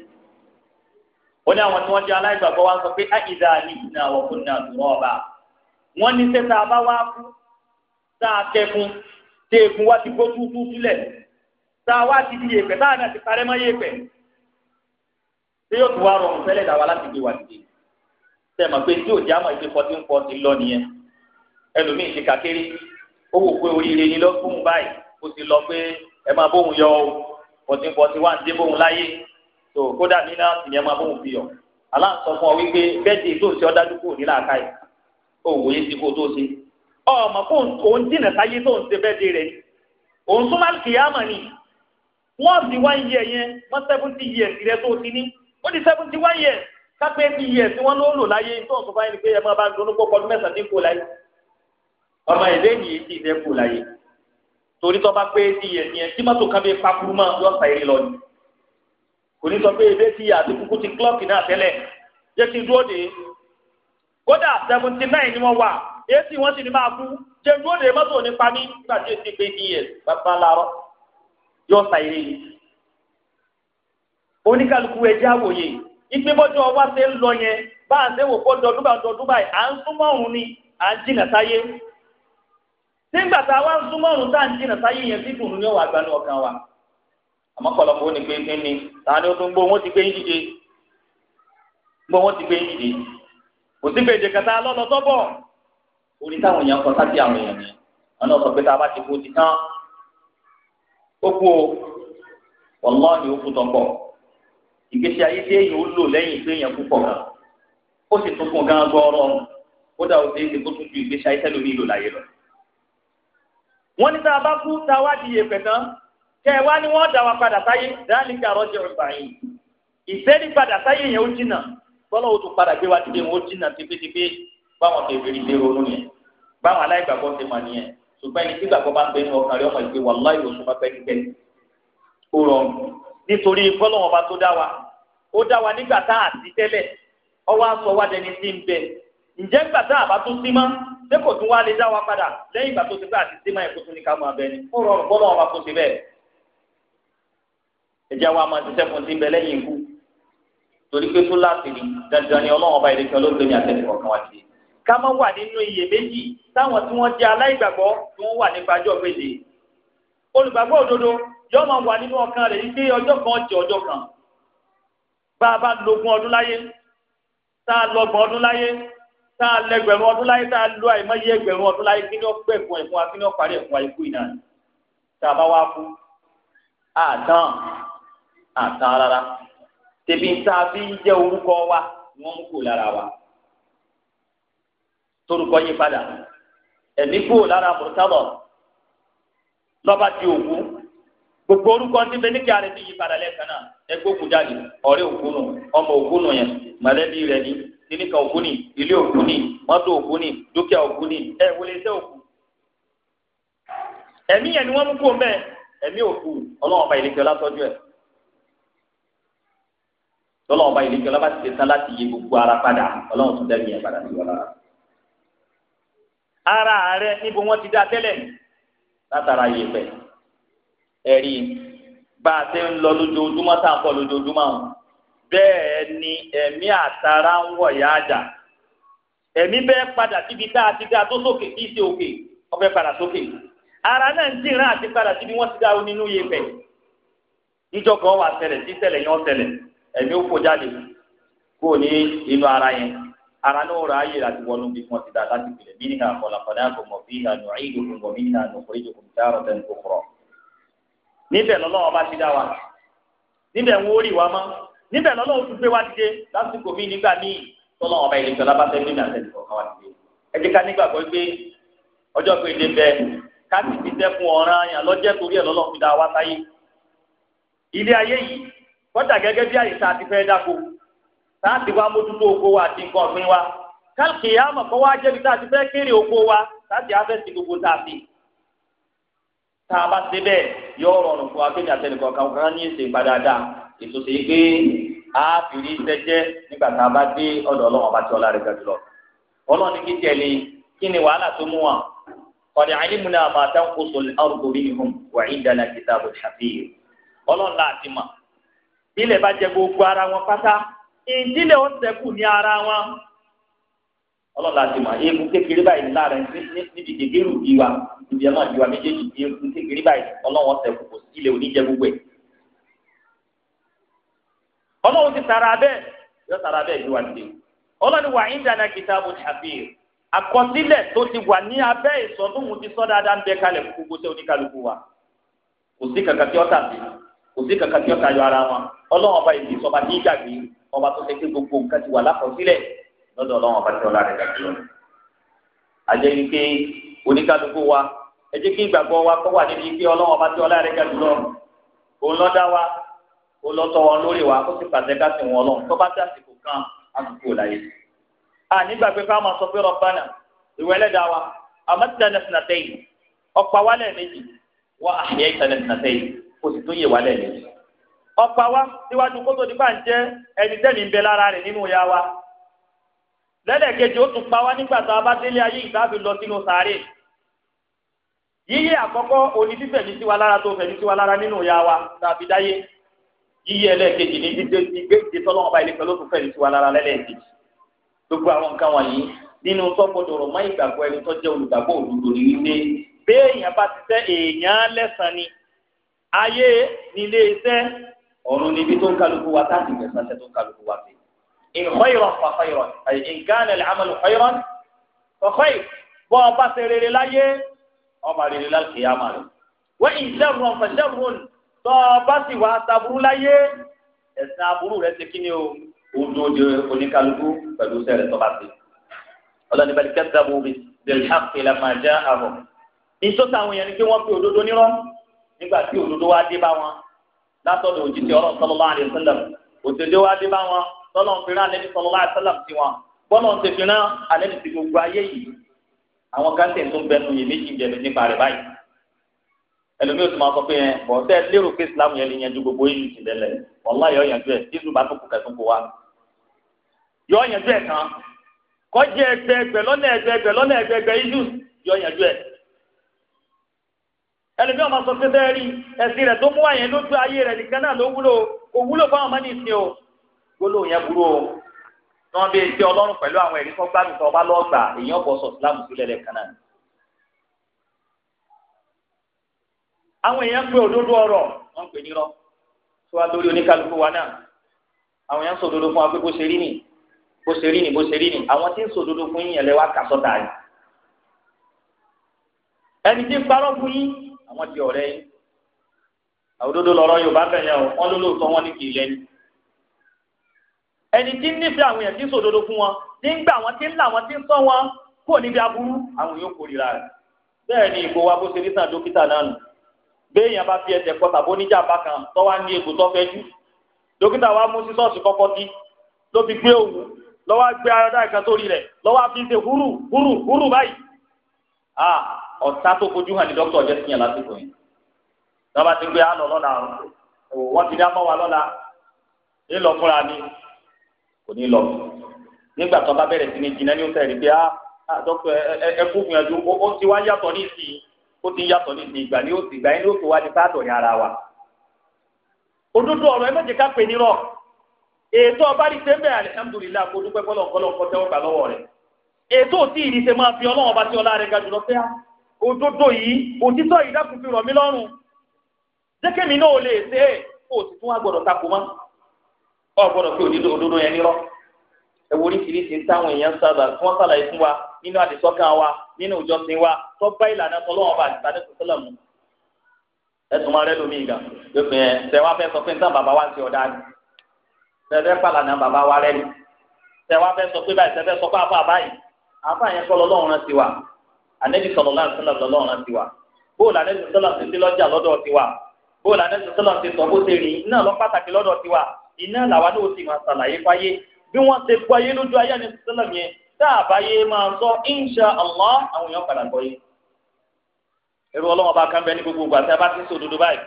A: ó ní àwọn tí wọ́n jẹ́ aláìgbàgbọ́ wa sọ pé àìdá nìyína wa kunna turaba wọ́n ní sẹ́ta bá wá kú tá a kẹ́kun tí egun wa ti gbó tútú sílẹ̀ tá a wá ti di yèpẹ̀ tá a náà ti parẹ́ mọ́ yèpẹ̀ tí yóò tún wá rọrùn fẹ́lẹ́ dàwa láti gbé wa dìde sẹ́mọ̀ pé tí òjá mọ̀ ìpè fourteen forty ẹ máa bóun yọ o fourteen forty one dé bóun láyé tó kódà nínú àtìní ẹ máa bóun fi yọ aláǹsọ fún ọ wípé bẹ́ẹ̀dì tó ń ṣe ọdájú kúrò nílà ká yìí ó wòye sí kó tó ṣe ọmọ fún òun jìnà sáyé tó ń ṣe bẹ́ẹ̀dì rẹ ni òun súnmọ́ kìyàmọ̀ ni wọ́n ti wá iye yẹn wọ́n seventy years rẹ tó ti ní ó di seventy one years kápẹ́ ti yẹ tí wọ́n ló lò láyé tó ń sọ fáyín ni pé ẹ máa bá ń dunú kó kọdún mẹ́sàn-án ní kó láyé ọmọ ìdẹ́yìn yìí ti dẹ́ láyé torí tó bá pé ti yẹ yẹn tí mọ́tò kan bí pakuru máa yọ ọ̀sà èrè lọ ni kò ní sọ pé ebé ti yà àti kúkú ti klọ́ọ̀kì náà tẹ́lẹ̀ jẹ́ kí dúró de kódà seventy nine ni wọ́n wà èsì wọ́n sì ní máa kú jẹ́ dúró de mọ́tò nípa ní nígbà tí èsì pé ti yẹ bàbá làárọ̀ yọ ọ̀sà èrè yìí oníkàlùkù ẹjẹ́ àwòye ìgbébọ́jọ́ wa ṣe ń lọ yẹn bá à ń ṣe wò kó dọdún bá dọdún báyìí à ń súnmọ́ ọ̀run ni à ń jìnà sáyé nígbà tá a wá ń súnmọ́ ọ̀run tá à ń jìnnà sáyé yẹn sí dùnú ní ọ̀wà àgbà ní ọ̀kan wa àmọ́ kọlọ́kọ́ ó ní pé kí ni ta ni ó tún gbó wọn ti gbé yín dìde gbó wọn ti gbé yín dìde kò sí gbèdé kẹta lọ́lọ́ tọ́bọ̀ orí táwọn èèyàn kọ sábì àwọn èèyàn ni wọn náà sọ pé tá a bá ti kú ti tán ó kú o wọlọ́ọ̀ni ó kú tọ́pọ̀ ìgbésí ayé tí èèyàn ó lò lẹ́yìn pé èèyàn kú pọ̀ gan ó sì tún kún gan gbọ́ọ́rọ́ kódà ó ṣeé ṣe kó tún ju ìgbésí ayé tẹ́lómi lò láyé lọ wọ́n ní tá a bá kú tá a wá di yèpẹ̀ tán kẹ́ ẹ wá ní wọ́n dà wá padà sáyé dáhàlì kí àrọ́jọ ìgbà yìí ìsẹ́ni padà sáyé yẹn ó jìnnà bọ́lá o tún padà gbé wá dìde wọn ó jìnnà tẹfẹ́tẹfẹ́ báwọn bèbèrè ṣe ronú yẹn báwọn aláìgbàgbọ́ ṣe mà nìyẹn ṣùgbọ́n ẹni tí gbàgbọ́ bá ń bẹnu ọkàn rẹ ọmọ ìgbé wàláhì oṣù bá pẹ́ẹ́ni bẹ́ẹ̀ ó rọrùn nítorí bọ́lá wọn bá tó dá wa ó dá wa nígbà tá àti tẹ́lẹ̀ ọwọ́ aṣọ ǹjẹ́ gbà tá a bá tún sí mọ́ ṣé kò tún wá lè dá wa padà lẹ́yìn ìgbà tó ti pé àti sí mọ́ ẹ̀kú tún ní ká mọ́ abẹ ni ó rọrùn bọ́lá wọn bá kó ṣe bẹ́ẹ̀. ẹ̀jẹ̀ wa máa ṣiṣẹ́ fún ti ń bẹ lẹ́yìn ikú torí pé tó láti ni dandan ni ọlọ́run ọba ìdẹ́kẹ́ olóògbé ni àtẹ̀lẹ́ kọ̀ọ̀kan wá sí i. ká má wà nínú iyèméjì táwọn tí wọ́n jẹ́ aláìgbàgbọ́ tí wọ́n wà nípa ọjọ́ péje. olùgbàgbọ́ òdodo yóò máa wà nínú ọkàn rẹ̀ wípé ọjọ́ kan jẹ́ ọjọ́ kan. bá a bá lógún ọdún láyé tá a lọ́gbọ̀n ọdún láyé tá a lọ ẹgbẹ̀rún ọdún láyé tá a lọ àìmọye ẹgbẹ̀rún ọdún láyé kí ni ó pẹ̀ fún ẹ̀fún wa kí ni ó parí ẹ̀fún wa ikú ìná tá a bá wá kú àdán àtàn rárá tèmi tá a fi ń jẹ́ orúkọ wa ni wọ́n kú lára wa torúkọ yí padà ẹ̀mí kú lára mùtábọ̀ òkú gbogbo orúkọ ti bẹ ní kí òkú jáde òkú nù ọmọ òkú nù yẹn kíníkà òkú ni ilé òkú ni mọ́tò òkú ni dúkìá òkú ni ẹ wọlé iṣẹ́ òkú. ẹ̀mí yẹn ni wọ́n mú kú ọmọ ẹ̀ ẹ̀mí òkú ọlọ́wọ́n ọba ìlẹ́kẹ́ ọlátọ́jú ẹ̀. tọ́lọ́wọ́n ọba ìlẹ́kẹ́ ọlá bá ti ṣe tán láti yí gbogbo ara padà ọlọ́wọ́n tún dẹ́mi ẹ̀ padà sí wọn lára. ara rẹ níbo wọ́n ti dá tẹ́lẹ̀ látara yẹ̀pẹ̀ ẹ̀rí bá a ti ń lọ lójoojúmọ́ tá à ń pọ̀ àwọn bẹ́ẹ̀ ni ẹ̀mí àtàrà ń wọ̀ yá àjà ẹ̀mí bẹ́ẹ̀ padà síbi tá a ti dá tó sókè kí í ṣe òkè ọbẹ̀ padà sókè ara náà ń dìran àti padà síbi wọ́n ti dá o nínú yẹ bẹ̀ níjọ́ kan wà ṣẹlẹ̀ sí ṣẹlẹ̀ yẹn ṣẹlẹ̀ ẹ̀mí ó kó jáde kó ní inú ara yẹn ara náà rà ayé láti wọnú bí wọ́n ti dá láti pèlè mí nínú àkọlàkọlà kò mọ̀ bí ìhànú àìdùkùn wọ̀ níbẹ̀ lọ́lọ́wọ́ bá ti dá wa níbẹ̀ ń wórì wa mọ́ níbẹ̀ lọ́lọ́ o tún gbé wá dìde lásìkò mi nígbà míì tọ́lọ́ ọba ìlẹ̀kọ́ lábàtẹ́ bí mi àtẹ̀lẹ́ kọ̀ọ̀kan wá dìde ẹ jẹ́ ká nígbàgbọ́ ọjọ́ pé ká ọ̀ràn àyàn lọ́jẹ́ torí ẹ̀ fi wa sáyé ilé ayé yìí kọ́tà gẹ́gẹ́ bí àyíká ti fẹ́ dáko mójútó oko wa àti nǹkan ọ̀gbìn wa kálkì a ti ti a ètò ṣe a nígbà tá a bá dé ọ̀dọ̀ ọlọ́run ọba tí ọlá rẹ̀ ga jùlọ. ọlọ́run ní kí tẹ̀lé kí ni wàhálà tó mú wa kọ̀dẹ̀ àìlímúná máa dị kó so arúgbó mi nìhùn wà ìdáná kìtà bò ṣàfihàn. ara wọn pátá ìdílé ní ara wọn. eegun kékeré báyìí níbi wa ẹ̀ máa wa méjèèjì eegun kékeré báyìí ọlọ́run ti tara abẹ́ yọ tara abẹ́ ìlú àti ọlọ́run wà ìdáná kitabun àkọsílẹ̀ tó ti wà ní abẹ́ ìsọdúnmù ti sọ dáadáa ń bẹ kalẹ̀ fún gbogbo tẹ́ wa kò sí kankan tí ara wọn ọlọ́run ọba ìdí ọba tó ṣe pé gbogbo nǹkan ti wà lákọsílẹ̀ lọ́dọ̀ ọlọ́run ọba tí lọ́nà. àjẹ́ pé wa ẹ jẹ́ kí ìgbàgbọ́ wa kọ́ ó lọ́tọ́ wọn lórí wa ó sì pàṣẹ ká sìn wọn lọ́hùn tó bá àsìkò kan láyé. a nígbà pé ká máa sọ pé rọ̀bánà ìwé ẹlẹ́dàá wa àmọ́tìtàn nàtẹ́yìn "Wa wálẹ̀ kò sì tó wa síwájú kótó nínú ya wa. lẹ́lẹ̀kejì ó tún pa nígbà a bá délé ayé lọ sínú sàárè àkọ́kọ́ yíyí ẹlẹ́ẹ̀kejì ní dídé sí gbèsè tọ́lọ́mọba ilé pẹ̀lú òtún fẹ́ẹ́ tiwa lára lẹ́lẹ́ẹ̀kejì gbogbo àwọn nǹkan wọ̀nyí nínú tọ́gbọ́dọ̀ rọ̀ máa ìgbàgbọ́ ẹni tó jẹ́ olùgbàgbọ́ òdodo ní ilé béèyàn bá ti tẹ́ èèyàn lẹ́sàn ni ayé nílé iṣẹ́ ọ̀run níbi tó ń kálukú wa táàtì mẹ́sàn tẹ́ tó ń kálukú wa fi. ìkọ́yìrọ̀ fàkọ́yìrọ̀ ìkànnì àmàlù kọ́yìrọ̀ fàkọ́yì bọ́ ọba ṣe rere láyé ọba rere láti yá màlúù wọ́n ìṣẹ́rùn fàṣẹ́rùn tọ́ ọ bá sì wá aṣaburú láyé ẹ̀sìn aburú rẹ̀ ṣe kí ni o ojú ojú oníkálukú pẹ̀lú sẹ́rẹ̀ tọ́ bá ti. ọlọ́ni bẹ́ẹ̀ kẹ́tà bò bí bẹ́ẹ̀ hàpì la máa já àbọ̀. nítorí táwọn yẹn ni kí wọ́n fi òdodo nírọ́ nígbà tí òdodo wá dé bá wọn látọ̀dọ̀ òjijì ọlọ́run sallallahu alaihi wasallam òdodo wá dé bá wọn tọ́lọ́ fi rán alẹ́ sallallahu alaihi wasallam sí wọn bọ́lọ̀ ń tẹ̀sí rán alẹ́ ti gbogbo ayé yìí àwọn káńtẹ̀ tó ń bẹnu yìí méjì jẹ̀bi nípa rẹ̀ báyìí ẹlòmíì tó máa sọ pé ẹ bọ̀ tẹ́ lérò pé islam yẹn lè yanjú gbogbo yìí ti lẹ̀ wàlá yọ yanjú ẹ̀ jésù bá tó kù kẹtù kó wa yọ yanjú ẹ̀ kan kọjá ẹgbẹ ẹgbẹ lọ́nà ẹgbẹ ẹgbẹ lọ́nà ẹgbẹ ẹgbẹ yíyù yọ yanjú ẹ̀ ẹlòmíì máa sọ pé bẹ́ẹ̀ rí ẹ̀sìn rẹ̀ tó mú àyẹn lójú ayé rẹ̀ nìkan náà ló wúlò kò wúlò fáwọn ọmọ nìsín o gbólóhùn yẹn burú àwọn èèyàn pé òdodo ọ̀rọ̀ wọ́n pè nírọ́ tó wá lórí oníkálukú wa náà àwọn èèyàn sòdodo fún wa pé bó ṣe rí nì bó ṣe rí nì bó ṣe rí nì àwọn tí ń sòdodo fún yín ẹlẹ́wà kà sọ́tà yìí ẹni tí ń parọ́ fún yín àwọn ti ọ̀rẹ́ yín òdodo lọ̀rọ̀ Yorùbá bẹ̀rẹ̀ o wọ́n ló lóòótọ́ wọn ní kì í lẹ́nu ẹni tí ń nífẹ̀ẹ́ àwọn èèyàn tí ń sòdodo fún wọn tí ń gbà wọn tí ń là wọn tí ń sọ wọn kò níbi aburú àwọn yóò kórìíra rẹ̀ bẹ́ẹ̀ ni ìbò wa bó dókítà náà nù béèyàn bá fi ẹsẹ̀ kọta bó níjà bá kan tọ́wá ní egbò tó fẹ́ jù dókítà wa mú sí sọ́ọ̀sì kọ́kọ́ dí ló fi gbé òwú lọ́wọ́ gbé ayọ́dá ìkan sórí rẹ̀ lọ́wọ́ fi ṣe húrù húrù húrù báyìí a ọ̀tá tó fojú hàn ní dókítà ọ̀jẹ́ sí yẹn lásìkò yẹn lọ́ba ti gbé àlọ́ lọ́la wọ́n ti dá mọ́ wa lọ́la ńlọ fúnra ni kò ní lọ nígbà tó bá bẹ̀rẹ̀ sí ní jìnnà ní ó tẹ̀lé a ah, ah, dókítà ẹ ẹ fún gbìyànjú ó ó ti yàtọ̀ ní ti ìgbà ní ó ti ìgbà yẹn ní ó ti wá ní sáàtọ̀ ní ara wa. òdodo ọ̀rọ̀ ẹ méje ká pè ní rọ̀ ètò ọba rí sẹ́ńbẹ̀ alihamudulilayi kó dúpẹ́ kọ́lọ́kọ́lọ́ kọ́ tẹ́wọ́ gbà lọ́wọ́ rẹ̀ ètò tí ìrì ṣe máa fi ọlọ́wọ́ bá tí ọlá rẹ̀ ga jùlọ pé ah, òdodo yìí òtítọ́ yìí dákun fi rọ̀ mí lọ́rùn jẹ́kẹ́mi náà ò lè ṣe é kó o sì gbọ́dọ̀ takò mọ́ ọ gbọ́dọ̀ pé òdodo yẹn nírọ́ ẹwọ oríṣiríṣi táwọn èèyàn sábà tí wọn sàlàyé fún wa nínú àdìsọkàn wa nínú ìjọsìn wa tó bá ìlànà tọlọ́run bá àdìsá ní sọsọlọ mu ẹsùn máa rẹ lómi ìgbà yóò fi hàn tẹ wá fẹ́ sọ pé nǹkan bàbá wa ti ọdá ni tẹfẹ pàlànà bàbá wa rẹ ni tẹ wá fẹ́ sọ pé báyìí tẹfẹ sọ pé àfa àbáyìí àfa yẹn kọ lọ́lọ́run rán tiwa ànẹbi sọlọ láti sọlọ lọ́lọ́run rán tiwa bóòlù ànẹbi sọlọ ti ti lọjà lọ́dọ̀ tiwa sọ bó bí wọ́n ṣe gbọ́ ayé lójú ayé àti sísílẹ̀ yẹn tá a bá yé máa sọ insha allah àwọn èèyàn padà gbọ́ yé ẹrú ọlọ́wọ́n bá kán bẹ ní gbogbo ìgbà tí a bá ti ń sòdodo báyìí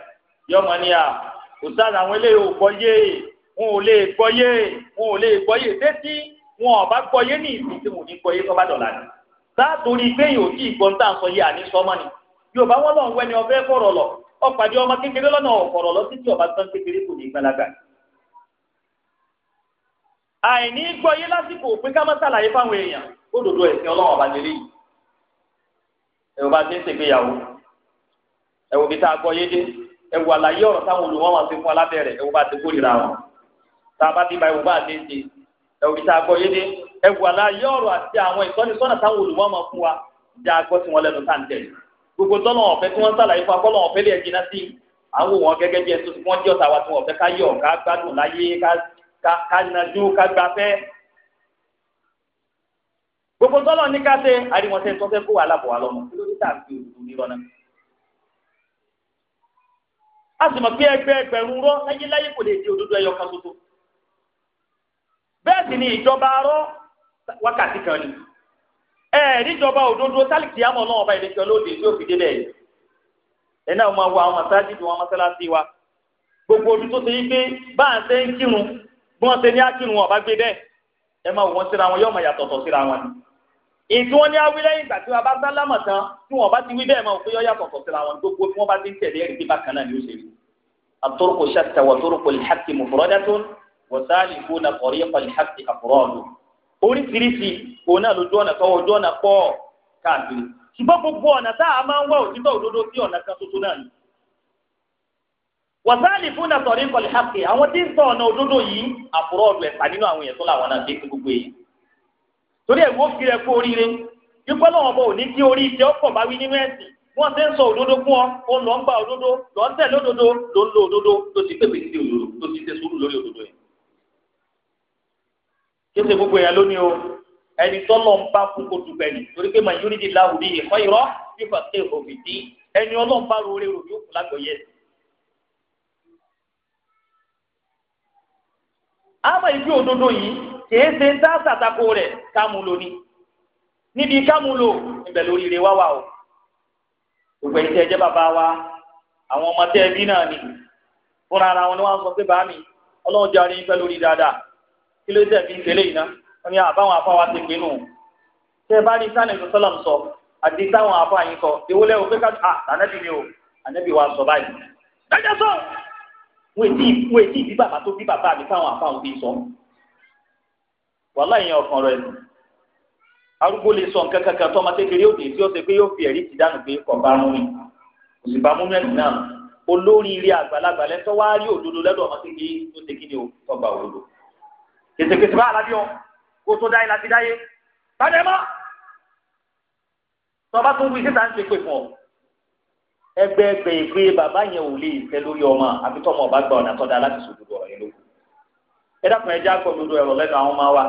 A: yọ ọmọ ni à òsán àwọn eléyìí ò gbọ́ yé wọn ò lè gbọ́ yé wọn ò lè gbọ́ yé tẹ́tí wọn ò bá gbọ́ yé ní ìlú tí wọn ò ní gbọ́ yé tó bá dọ̀là ni látòrí pé yóò tí ìgbọ́n tá à ń sọ yé àní sọ́mọ́ ni yorùbá wọn lọ́n wẹ́ni ọbẹ̀ fọ̀rọ̀ àìní gbọ́ yé lásìkò pé ká má ṣàlàyé fáwọn èèyàn ó dòdò ẹ̀sìn ọlọ́run ọba lélẹ́yìí ẹ̀wọ̀n bá ti ń ṣègbéyàwó ẹ̀wọ̀n bí tá a gbọ́ yé dé ẹ̀wọ̀n àlàyé ọ̀rọ̀ táwọn olùwọ́n wọn ti fún alábẹ́rẹ̀ ẹ̀wọ̀n bá ti kórìíra wọn tá a bá ti ba ẹ̀wọ̀n bá ti ń ṣe ẹ̀wọ̀n bí tá a gbọ́ yé dé ẹ̀wọ̀n àlàyé ọ̀rọ̀ àti àwọn ka kágbafẹ́ gbogbo tọ́lọ̀ ní káṣe àríwọ̀nsẹ̀ tó kó wà lábọ̀ wà kí ló dé tà fi òdòdó a sì mọ̀ pé ẹgbẹ́ ẹgbẹ̀rún láyé kò lè di òdòdó ẹyọ kan tuntun. bẹ́ẹ̀ sì ni ìjọba wákàtí ẹ níjọba sálìkì àmọ́ náà ọba tí ó fi dé bẹ́ẹ̀. wa. gbogbo ojú tó yí pé bí wọ́n ṣe ní akínú wọn ọba gbé bẹ́ẹ̀ ẹ máa wọ́n síra wọn yóò máa yàtọ̀tọ̀ síra wọn ni. èyí tí wọ́n ní awí lẹ́yìn ìgbà tí wọ́n bá sálámà tán tí wọ́n bá ti wí bẹ́ẹ̀ máa wọ́n pé yọ yàtọ̀tọ̀ síra wọn gbogbo tí wọ́n bá ti tẹ̀lé ẹ̀rí bí bákan náà ni ó ṣe rí. àtòrúkọ ṣàtà wà tòrúkọ lìhàkì mufradatun wà sáàlì kó lìhàkì wàsáàlì fún nàtọ̀rí kọ̀lì hàpì àwọn tí ń sọ ọ̀nà òdodo yìí àfúrọ̀ ọ̀dọ̀ ẹ̀ka nínú àwọn èèyàn tó làwọn náà dé sí gbogbo èyí. torí ẹ̀ wọ́n fi rẹ̀ kú oríire yípo lọ́wọ́ bọ̀ òní kí orí ìtẹ́ ọ̀pọ̀ bá wí nínú ẹ̀sìn wọ́n ti ń sọ òdodo fún ọ ó lọ ń gba òdodo lọ ń tẹ̀ lódodo ló ń lo òdodo tó ti pèpè sí òdodo tó ti ṣe sùúrù lórí òdodo yẹn. ẹni tọ́lọ̀ bá fún kó dùgbẹ́ ni torí pé sí àmọ́ ìgbé òdodo yìí kìí ṣe ń dá sàtakò rẹ̀ kámúlò ni níbi kámúlò ibẹ̀ lórí rẹ̀ wá o gbogbo ẹ̀yin tẹ́ ẹ jẹ́ bàbá wa àwọn ọmọ tẹ́ ẹ bí náà ni fúnra ara wọn ni wọ́n sọ pé bá mi ọlọ́run jẹ́ àárín ìfẹ́ lórí dáadáa kí ló dẹ̀ fi ń tẹ̀lé yìí náà wọ́n ní àbáwọn afáwa ti pín nù tẹ́ ẹ bá ní sani sọ́lọ́m sọ àti táwọn afáyín sọ ìwọlẹ́ òfin ká àtànẹ́bí mi o ànẹ́bí wa sọ báyìí dájọ́ sọ wọ́n èdè wọ́n èdè bí bàbá tó bí bàbá mi káwọn àfáwọn ti sọ wàhálà yẹn ọkàn rẹ nù arúgbó lè sọ nǹkan kankan tó ọmọ kékeré òde tí ó ṣe pé yóò fi ẹ̀rí ti dànù pé kọ̀ọ̀bá mú mi kò sì bá mú mi ẹ̀sìn náà olórí ilé àgbàlagbà lẹ́tọ́ wá rí òdodo lẹ́dọ̀ ọmọ kékeré tó ṣe kí ni o tọgbà òdodo kèsèkèsè bá alábíọ́ kó tó dáyé láti dáyé bàdé mọ́ tọba tó ń wí síta ń ṣe pé fún ọ ẹgbẹ́ ẹgbẹ́ ìgbé bàbá yẹn ò lè fẹ́ lórí ọmọ ọba gba ọ̀nà tọ́da láti sòdodo ọ̀rọ̀ yẹn lóko ẹ dákun ẹ jẹ́ ẹ̀rọ lẹ́nu àwọn ọmọ wa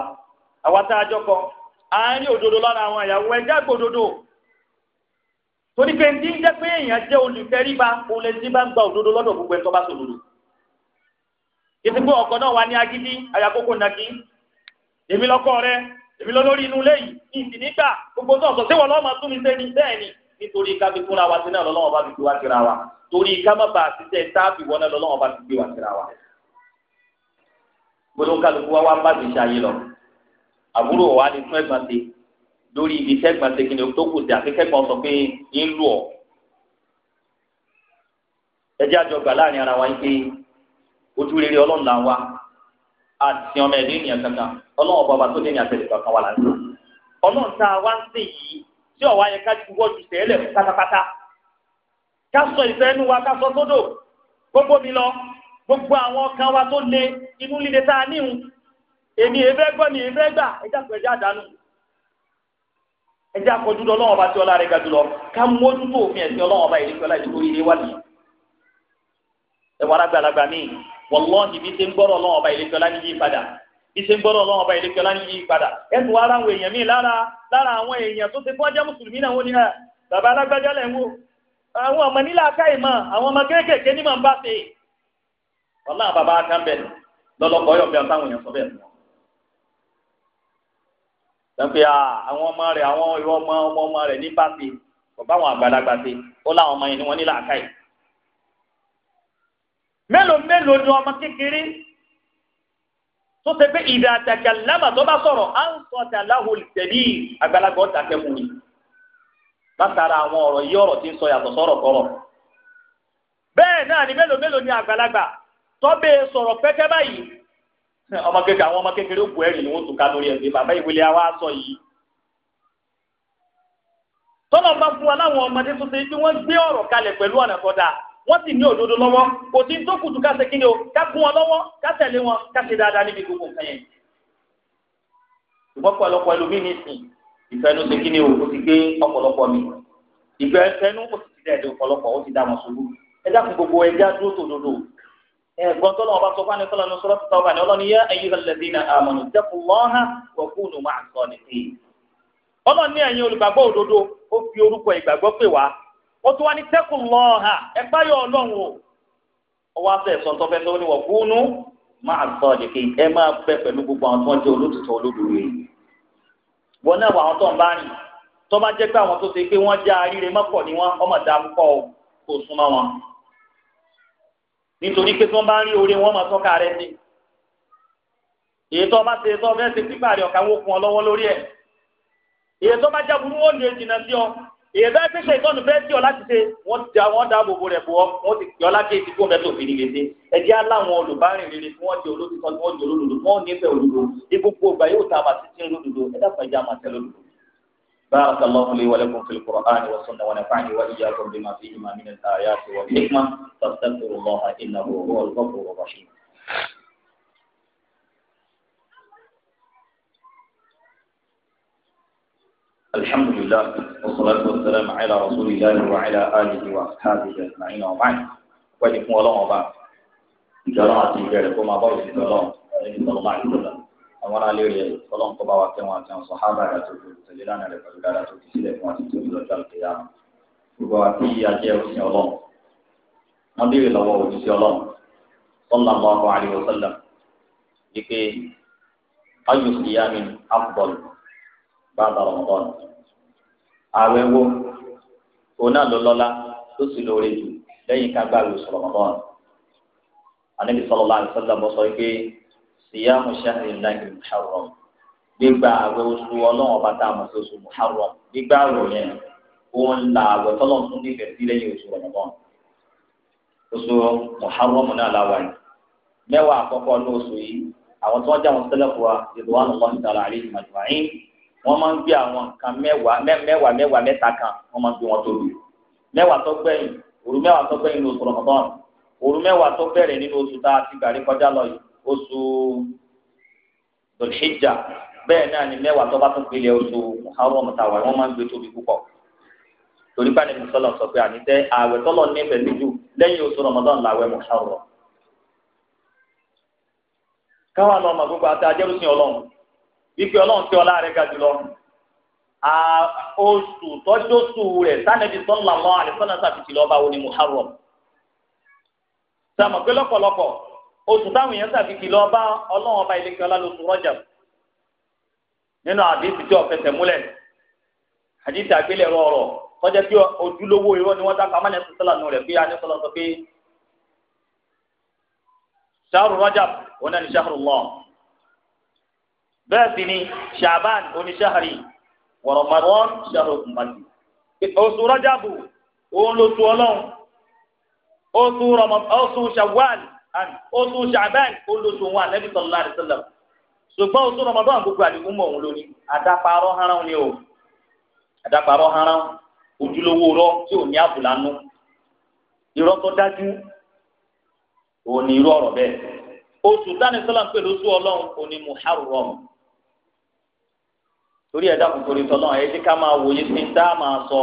A: àwa tá a jọ kọ àárín òdodo lára àwọn ìyàwó ẹ jẹ́ àgbọ̀dodo torí pé ní jẹ́ pé èèyàn jẹ́ olùfẹ́ríba olè tí bá ń gba òdodo lọ́dọ̀ gbogbo ẹ̀ tó bá sòdodo náà wà nítorí ká fi kúnra wa sí náà lọ́lọ́wọ́ bá fi gbé wa síra wa torí ká má bàa ṣiṣẹ́ táàbì wọn náà lọ́lọ́wọ́ bá fi gbé wa síra wa. gbólóńkàlùkù wa wá ń bá ti ṣàyè lọ àbúrò wa ni fún ẹ̀gbọ́n ti lórí ibi tẹ́gbọ́n ti kìnìún tó kù sí àfikẹ́gbọ́n sọ pé ń lù ọ́ ẹjẹ́ àjọgbà láàrin ara wa yìí pé ojú rere ọlọ́run là ń wá àti ọmọ ẹ̀dín kankan ọlọ́run ọba tó dé ní àtẹ̀lẹ̀ kankan wà láti tí ọ̀wá yẹ ká ju tẹ́lẹ̀ fún pátápátá ká sọ ìfẹ́ wa ká sọ sódò gbogbo mi lọ gbogbo àwọn ọkàn wa tó le inú líle tá a níhun èmi èfẹ́ gbọ́ mi èfẹ́ gbà ẹja pẹ̀lú ẹja àdánù ẹja àkọjú lọ lọ́wọ́ bá tí ọlá rẹ̀ ga jùlọ ká mójútó òfin ẹ̀sìn ọlọ́wọ́ bá ìdíkọ́ láì tó ilé wà ní. ẹ̀wọ̀n alágbàlagbà mi wọ́n lọ́ọ̀dì iṣẹ́ ń gbọ́dọ̀ ọlọ́run ọba ìlẹ́kẹ́ ọlá yí padà ẹnu ara àwọn èèyàn míì lára lára àwọn èèyàn tó ti fọ́ jẹ́ mùsùlùmí náà wọ́n ní bàbá alágbájá lẹ̀ ń wò àwọn ọmọ nílà aká ìmọ̀ àwọn ọmọ kéékèèké ní màá ń bá ṣe ọlá bàbá aká bẹ́ẹ̀ lọ́lọ́kọ̀ ọyọ̀ bẹ́ẹ̀ táwọn èèyàn sọ bẹ́ẹ̀ fún ọ. àwọn ọmọ rẹ̀ àwọn ìwọ ọmọ ọmọ ọmọ rẹ̀ ní bá bàbá àwọn àgbàlagbà ṣe ó láwọn ọmọ yẹn ni wọ́n nílà aká yìí. mélòó mélòó ni ọmọ kékeré tó ṣe pé ìdá àtàkà lámà tó bá sọ̀rọ̀ à ń sọ tàláhù tẹ̀lé àgbàlagbà ọ̀tà kẹ́mu ni látara àwọn ọ̀rọ̀ yí ọ̀rọ̀ tí ń sọ yàtọ̀ sọ̀rọ̀ kọ̀rọ̀ bẹ́ẹ̀ náà ni mélòó mélòó ni àgbàlagbà tọ́bẹ̀ e sọ̀rọ̀ pẹ́kẹ́ báyìí *laughs* ọmọ kékeré àwọn ọmọ kékeré bu ẹ̀rì ni wọ́n tún fún wa láwọn ọmọdé tó ṣe wọ́n sì ní òdodo lọ́wọ́ kò sí tó kùtù ká ṣe kí ni o ká gún wọn lọ́wọ́ ká tẹ̀lé wọn ká ṣe dáadáa níbi gbogbo nǹkan yẹn. ṣùgbọ́n pọ̀lọpọ̀ ẹlòmíì ní ìsìn ìfẹ́ ló ṣe kí ni o ó ti gbé ọ̀pọ̀lọpọ̀ mi ìgbẹ́ ẹnu ó sì ti dẹ̀ ẹ̀dẹ̀ ọ̀pọ̀lọpọ̀ ó ti dá wọn ṣubú ẹ dákun gbogbo ẹ já dúró tòdodo ẹ̀gbọ́n tó lọ́wọ́ bá sọ fún anìkọ́lá ní sọ́lá ó tún wá ní tẹ́kùn lọ́ọ̀hà ẹ báyọ̀ ọlọ́run o ó wá fẹ́ sọ tó fẹ́ tó ní wọ̀ kúnú máa sọ ọ̀dẹ̀kẹ́ ẹ máa pẹ pẹ̀lú gbogbo àwọn tó ń jẹ́ olótùtù olódùúró yìí wọn náà wà àwọn tó ń bá rìn tó bá jẹ́ pé àwọn tó ṣe pé wọ́n já aríire mọ́pọ̀ ni wọ́n ọmọ dá púpọ̀ kò súnmọ́ wọn nítorí pé tó ń bá rí oore wọn máa tọ́ka rẹ sí èyí tó bá ṣe tó fẹ́ ṣe pípàrẹ̀ ọ̀kà wọn kún ọ lọ́wọ́ lórí ẹ̀ èyí tó bá jábùrú ó lè jìnnà sí ọ èyí bá pèsè ìtọ́nù fẹ́ tí ọ láti ṣe wọ́n da wọ́n da gbogbo rẹ̀ bọ́ wọ́n ti pè ọ́ láti ètí fún mẹ́tò òfin ìlẹ́sẹ̀ ẹ̀dí aláwọn olùbárìn rere tí wọ́n di olóòtú kan tí wọ́n di olódodo wọ́n nífẹ̀ẹ́ olódodo ní gbogbo ọgbà yóò ta àbàtì tí ń lódodo ẹ̀dá kan ìjà máa tẹ̀ lódodo. بارك الله لي ولكم في القرآن والسنة ونفعني وإياكم بما فيهما من الآيات والحكمة فاستغفروا الله إنه هو الغفور الرحيم الحمد لله والصلاة والسلام على رسول الله وعلى آله وأصحابه أجمعين وبعد وجب ولهم وبعد جرعة جرعة وما بعد في الله صلى الله عليه وسلم àwọn ará lérí ẹ Ọlọ́run tó bá wa kẹ́ wọn àti àwọn sọhábà rẹ tó tó tẹ̀lé lánàá rẹ pẹ̀lú dáadáa tó ti sílẹ̀ fún àti tó ti lọ jáde kéya gbogbo wa tí ajẹ òsìn Ọlọ́run wọn béèrè lọ́wọ́ òjíṣẹ́ Ọlọ́run sọlá bọ àwọn àríwọ sọlá yìí pé ayọ síyá mi àpọlù bàbá ọ̀gbọ́n ààwẹ̀ wo òun náà ló lọ́lá tó sì lóore jù lẹ́yìn ká gbàgbé sọ̀rọ̀ ọ̀gbọ́n anabi sallallahu alaihi wasallam sọ pé siyamu shahri llahi muharram gbígba àwẹ̀ oṣù Ọlọ́run ọba tá a mọ̀ sí oṣù muharram gbígba àwẹ̀ yẹn òun la àwẹ̀ tọlọ tún nífẹ̀ẹ́ sí lẹ́yìn oṣù Ramadan oṣù muharram náà la wáyé mẹ́wàá àkọ́kọ́ ní oṣù yìí àwọn tí wọ́n jẹ́ àwọn sẹlẹkùwa ìlú wa lọ́wọ́ ìtàlá àríyìn màdùmáyìn wọ́n máa ń gbé àwọn nǹkan mẹ́wàá mẹ́wàá mẹ́wàá mẹ́ta kan wọ́n máa ń gbé wọn tóbi mẹ́wàá tó gbẹ̀yìn òru mẹ́wàá tó gbẹ̀yìn ní oṣù rọmọdán òru mẹ́wàá tó bẹ̀rẹ̀ nínú oṣù tá a ti gbàrí kọjá lọ yìí oṣù dòlìṣíjà bẹ́ẹ̀ náà ni mẹ́wàá tó bá tún gbélé oṣù muharram tàwa wọ́n máa ń gbé tóbi púpọ̀ torí bá nínú sọlọ sọ pé àní tẹ ààwẹ̀ tọlọ nífẹ̀ẹ́ sí jù lẹ́yìn oṣù rọmọdán làwẹ̀ muharram káwa lọ wípé ọlọ́run tí ọlá rẹ̀ ga jùlọ oṣù tọ́jọ́sù rẹ̀ sanabi sallallahu alaihi wasallam sàfìtì lọ́ba wo ni muharram sàmọ̀ pé lọ́pọ̀lọpọ̀ oṣù táwọn èèyàn sàfìtì lọ́ba ọlọ́run ọba ilé kíọ́lá lóṣù rajab nínú àdéhùn tí ó fẹsẹ̀ múlẹ̀ àdéhùn àgbélẹ̀rọ ọ̀rọ̀ tọ́jà ojúlówó irọ́ ni wọ́n dá pamọ́ ní sọ́sọ́là nù rẹ̀ bí a sọ pé shahru rajab òun náà ni bẹ́ẹ̀ sì ni ṣàbán oníṣàárì wọ̀rọ̀mọ̀rán ṣàrò màtì. oṣù rọ́jàbù òun ló tu ọlọ́run oṣù oṣù ṣàwàl oṣù ṣàbán òun ló tu wọn ànábì sallallahu alaihi wasallam ṣùgbọ́n oṣù rọmọdún gbogbo àdìgún mọ̀ òun lónìí àdàparọ́ haran ni o àdàparọ́ haran ojúlówó rọ tí ò ní àbùlà nù irọ́ tó dájú òun ni irú ọ̀rọ̀ bẹ́ẹ̀ oṣù tani sọ́lá ń pè lóṣù ọlọ́run òun ni muharram torí ẹ̀dá kò torí tọ́lọ́ ẹ jẹ́ ká máa wòye sí ń dá máa sọ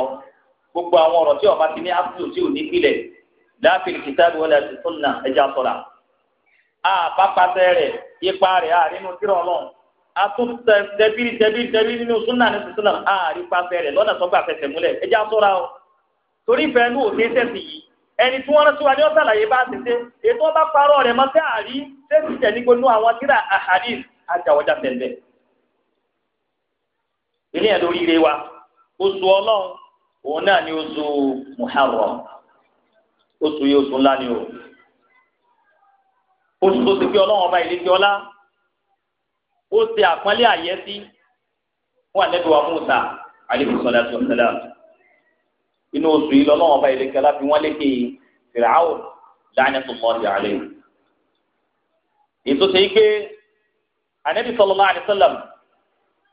A: gbogbo àwọn ọ̀rọ̀ tí ọba ti ní ápùlù tí ò ní pilẹ̀ láàfin kìtàbí wọlé àti sunna ẹja sọ̀ra. àbápasẹ̀ rẹ̀ ipa rẹ̀ àrínú tírọ̀ ọlọ́run àtúntẹ̀ tẹ̀bírí tẹ̀bírí tẹ̀bírí nínú sunna ní sísúnà àrípasẹ̀ rẹ̀ lọ́nà sọ́gbà fẹsẹ̀ múlẹ̀ ẹja sọ̀ra o. torí ìfẹ́ inú òde tẹ̀sí yìí ẹni tí wọ́n rántí wa ní ọ̀sàlàyé bá ti ṣe ètò ọba parọ́ rẹ̀ mọ́ sí àrí tẹ̀sí tẹ̀ nígbónú àwọn tíra àhàdí àjàwọ́jà tẹ̀lẹ̀ eléyàn lórí ire wa oṣù ọlọ́run òun náà ni oṣù muharram oṣù yìí oṣù ńlá ni o oṣù tó ti fi ọlọ́run ọba ìlẹ́jì ọlá ó ṣe àpọ́nlé àyẹ́sí fún àlẹ́bí wa Mùsá alayhi salatu wassalam inú oṣù yìí lọ́lọ́run ọba ìlẹ́jì ọlá fi wọ́n lékè Fir'aun la'natullahi alayhi ètò ṣe é pé ànẹ́bí sallallahu alayhi wasallam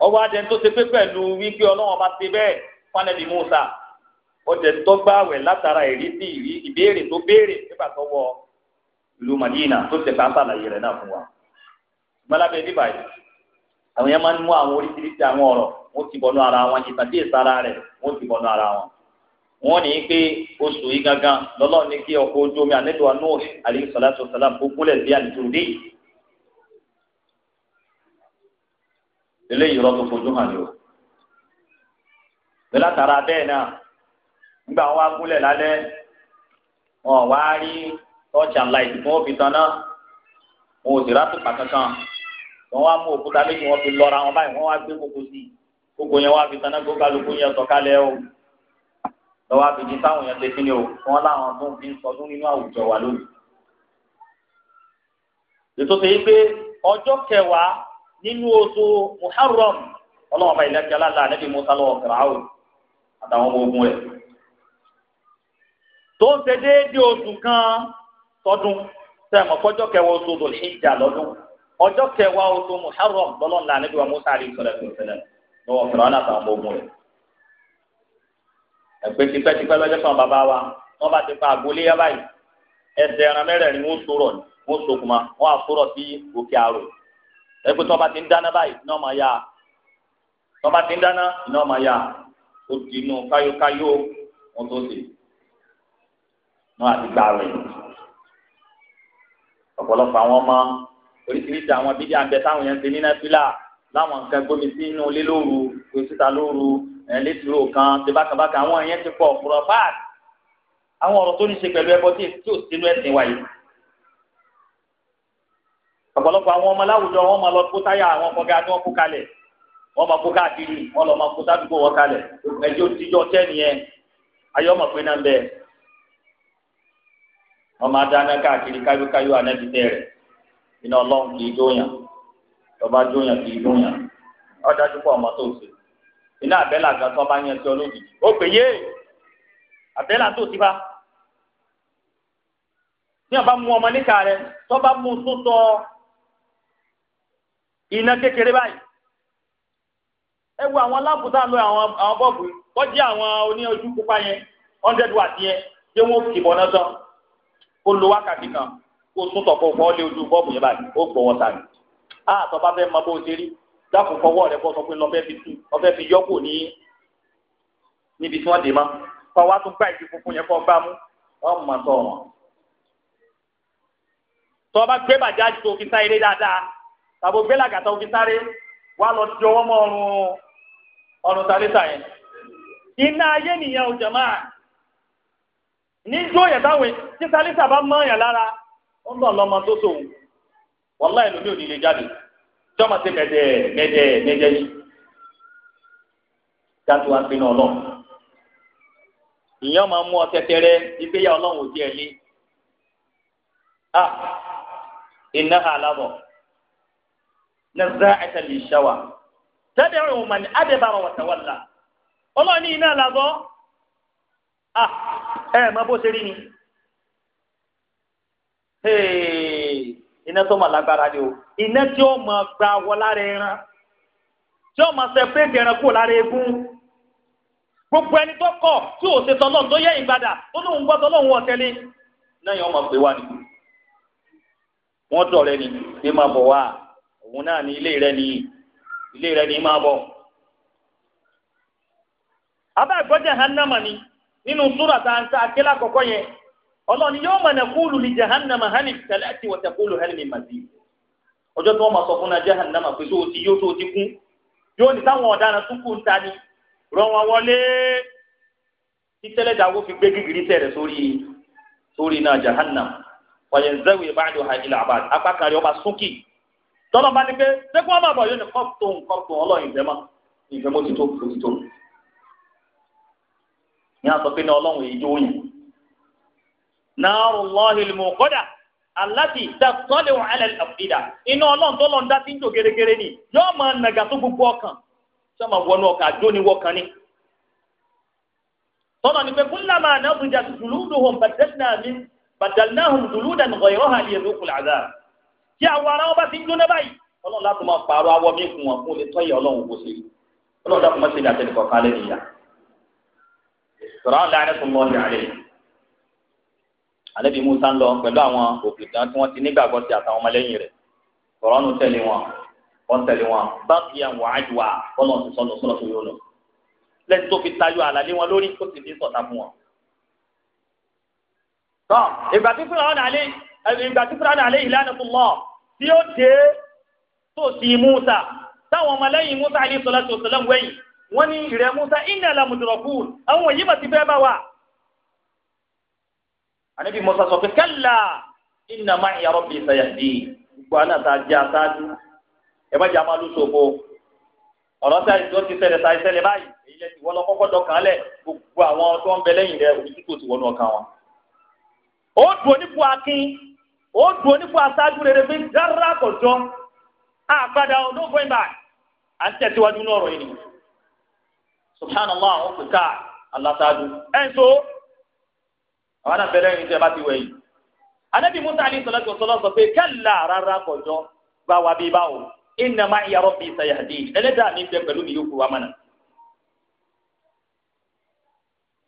A: ọwọ́ adẹni tó ṣe pé pẹ̀lú wípé ọlọ́wọ́n bá ṣe bẹ́ẹ̀ fánẹ́lì Musa ọjẹ tọ́gbà wẹ̀ látara ìrísí ìrí ìbéèrè tó béèrè nígbà tó wọ ìlú Madina tó ṣe ká sàlàyé rẹ̀ náà fún wa. mọ́lábẹ́ ní báyìí àwọn yẹn máa ń mú àwọn oríṣiríṣi àwọn ọ̀rọ̀ wọ́n ti bọnú ara wọn ìtàn tí ìsara rẹ̀ wọ́n ti bọnú ara wọn. wọ́n ní pé oṣù yìí gangan lọ́lọ́ọ̀ ní kí ọkọ̀ ojú omi ànẹ́tọ̀ wa Nuh alayhi salatu wa salam kó kúlẹ̀ sí àlùjọ eléyìí rọ́ tó fojú hàn ní o. lọ́la tara bẹ́ẹ̀ náà nígbà wọn wá gúnlẹ̀ lálẹ́ wọn wá rí torch and light tí wọ́n fi tan náà wọn ò sì rá tùpà kankan wọn wá mú òkúta méjì wọn fi lọ́ra wọn báyìí wọn wá gbé koko sí koko yẹn wá fi tan náà gbogbo alùpùpù yẹn sọ̀kalẹ̀ o lọ́wọ́ àbìdí táwọn yẹn ṣe kí ni o wọn láwọn tó ń fi sọdún nínú àwùjọ wa lónìí. ètò tèyí pé ọjọ́ kẹwàá nínú oṣù muharram ọlọ́wọ́n bá ilẹ̀ kíọ́lá la níbi musa lọ́wọ́ fìràwù àtàwọn ọmọ ogun rẹ̀ tó ń ṣe déédéé oṣù kan tọdún sẹ́mu kọjọ́ kẹwàá oṣù dòlhíjà lọ́dún ọjọ́ kẹwàá oṣù muharram lọ́lọ́n la níbi wa musa àlẹ́ sọ̀rọ̀ ìfẹ̀lẹ̀ lọ́wọ́ fìràwù àtàwọn ọmọ ogun rẹ̀ ẹgbẹ́ tipẹ́tipẹ́ lọ́jọ́ kan bàbá wa wọ́n bá ti pa àgólé yá ẹsẹ̀ ẹran mẹ́rẹ̀ẹ̀rin wọ́n sọ̀rọ̀ wọ́n sọkùnmá wọ́n àsọ̀rọ̀ sí òkè àrò ẹgbẹ́ tí wọ́n bá ti ń dáná báyìí iná máa ya. tí wọ́n bá ti ń dáná iná máa yá ó di inú káyókáyó wọn tó sè wọn àti gbà rẹ̀ ọ̀pọ̀lọpọ̀ àwọn ọmọ oríṣiríṣi àwọn bídí àgbẹ táwọn yẹn ń ṣe ní nàìjíríà láwọn nǹkan gbómi sí inú ilé lóru gbé síta lóru ẹ̀ létí ro kan ti bákàbákà àwọn yẹn ti pọ̀ fúrọ̀ fáàt àwọn ọ̀rọ̀ tó ní ṣe pẹ̀lú ẹbọ tí ò sínú ẹ̀sìn wáyé ọ̀pọ̀lọpọ̀ àwọn ọmọ láwùjọ wọn máa lọ kó táyà àwọn ọkọ̀ ga ni wọ́n kó kalẹ̀ wọ́n máa kó káàkiri wọ́n lọ máa kó sádùúgbò wọn kalẹ̀ ẹjọ́ tíjọ́ tẹ́ni yẹn ayọ́ mọ̀ pé náà ń bẹ wọ́n máa dáná káàkiri káyókáyó ànábi tẹ́rẹ̀ iná ọlọ́run kì í dóyàn ọba dóyàn kì í dóyàn ọ̀dájú pọ̀ ọmọ tó ṣe iná àbẹ́là gan tó bá yẹn ti ọlójijì ó pè bá mú ọmọ níkà rẹ tó bá mú tó tọ́ iná kékeré báyìí ẹ wo àwọn láǹpùtà lórí àwọn àwọn bọ́ọ̀bù wọ́n jẹ́ àwọn oní ojú pupa yẹn hundred watt yẹn jẹ́ wọ́n kì bọ́ náà tán kó lo wákàtí kan kó tún tọ̀ kó fọ́ lé ojú bọ́ọ̀bù yẹn báyìí ó gbọ́ wọn sáré a tó bá fẹ́ mọ bó ṣe rí dákun fọwọ́ rẹ kó sọ pé lọ́fẹ́ fi tú ọfẹ́ fi yọ́kù ní níbi tí wọ́n dè mọ́ kọ́ wa tún gbá ìdí funfun yẹn kọ́ gbá mú ọmọ màtọ́ wọn. tọ́ bá gbé bàjá tó fi sáré dáadáa tàbó gbẹ́lá gàtà òfin sáré wà lọ sí ọwọ́ mọ́ ọrùn ọrùn sálẹ́sà yẹn. iná ayé nìyẹn ò jẹ̀mọ́ à níjó yẹn táwọn tí sálẹ́sà bá mọ́ yẹn lára ó ń bọ̀ lọ́mọ tó sòun wàlá ìlú mi ò ní lè jáde jọ́mọ̀ sí mẹ́jẹ mẹ́jẹ mẹ́jẹ yìí dájú wa pinnu ọlọ́run ìyẹn máa mú ọ tẹtẹrẹ ìgbéyàwó ọlọ́run ò jẹ́ ẹ ah iná àlábọ̀ nazaa'atan lishawa tad'u man adbara wa tawalla ọlọ́ọ̀ni iná làbọ́ à ẹ mọ bó ṣe rí ni iná tó mọ lágbára ni o iná tí ó mọ gba wọ lára ẹran tí ó mọ sẹpẹ́ẹ̀tì ẹran kúrò lára egun gbogbo ẹni tó kọ̀ tí ò ṣe tọ́lọ́ tó yẹ ìgbàdà tó lóun gbọ́ tọ́lọ́ òun ọ̀tẹ́lẹ̀ náà yẹn wọ́n mọ̀ pé wà ní. wọ́n dọ̀rẹ́ ni bí máa bọ̀ wá òun náà ní ilé rẹ nìyí ilé rẹ ní máa ni nínú súrà tá a ń ta akélé àkọ́kọ́ yẹn ọlọ́ni yóò mọ̀ ní kúlù ní jahanama hali tẹ̀lé ti wọ̀tẹ̀ kúlù hali ní màdì ọjọ́ tí wọ́n máa sọ fún náà jahannama pé tó ti yóò tó kú yóò ní táwọn ọ̀daràn tún kú ń ta ni wọn wọlé fi gbé gígìrì sórí sórí jahannam zẹ́wìí tọ́lọ́ bá ní pé ṣé kí wọ́n máa bọ̀ yóò ní kọ́pùtò nkọ́pùtò ọlọ́run ìfẹ́mọ́ ìfẹ́mọ́ ti tó kò ti tó. ní a sọ pé ní ọlọ́run èyí yóò yìn. narullahi almuqada allati taqtalu ala al-afida iná ọlọ́run tó lọ́n dá sí jò gẹ́gẹ́rẹ́ ni yóò máa nàgà tó gbogbo ọkàn ṣé máa wọnú ọkàn àjò ni wọ́kàn ni. tọ́lọ́ ni pé kullama nadijat tí àwọn ará wọn bá ti ń jóná báyìí ọlọ́run láti máa pààrọ̀ awọ mi fún wọn fún lè tọ́yẹ̀ ọlọ́run kò sí ọlọ́run láti máa ṣe ní àtẹnukọ̀ kálẹ̀ nìyà. sọ̀rọ̀ àwọn láàrin fún lọ́ọ̀dì àlẹ́ àlẹ́bí musa ń lọ pẹ̀lú àwọn òkùnkàn tí wọ́n ti nígbàgbọ́ sí àtàwọn ọmọlẹ́yìn rẹ̀ sọ̀rọ̀ ọ̀nù tẹ̀lé wọn wọ́n tẹ̀lé wọn báńkì yẹn wọ́n á ju wa ọlọ́run ìgbà tí fúnra wọn àlẹ́ ìgbà tí fúnra wọn àlẹ́ ìlànà fún lọ́ọ̀ tí ó dé tòsí Musa táwọn ọmọlẹ́yìn Musa alayhi salatu wa salam wẹ̀yìn wọ́n ní ìrẹ́ Musa inna la mudrakun àwọn wọ̀nyí bá ti fẹ́ bá wa. Musa sọ pé inna ma'iya rabbi sayahdi gbogbo àná tá a jẹ àtàdú ẹ má ọ̀rọ̀ tí ti ṣẹlẹ̀ báyìí èyí lẹ ti wọlọ kọ́kọ́ lẹ̀ gbogbo àwọn tó akin ó dùn onífọ aṣáájú rere pé rárá kò jọ àgbàdà no going back à ń tẹ̀síwájú náà ọ̀rọ̀ yìí ni subhanallah àwọn kò ká aláṣáájú ẹ̀ ń so àwọn náà bẹ̀rẹ̀ yìí tẹ́ bá ti wẹ̀ yìí anabi musa alayhi salatu wa salam sọ pé kálá rárá kò jọ gbà wá bí báwo inna ma'iya rabbi sayahdin ẹlẹ́dàá mi bẹ pẹ̀lú mi yóò kú wa mọ́nà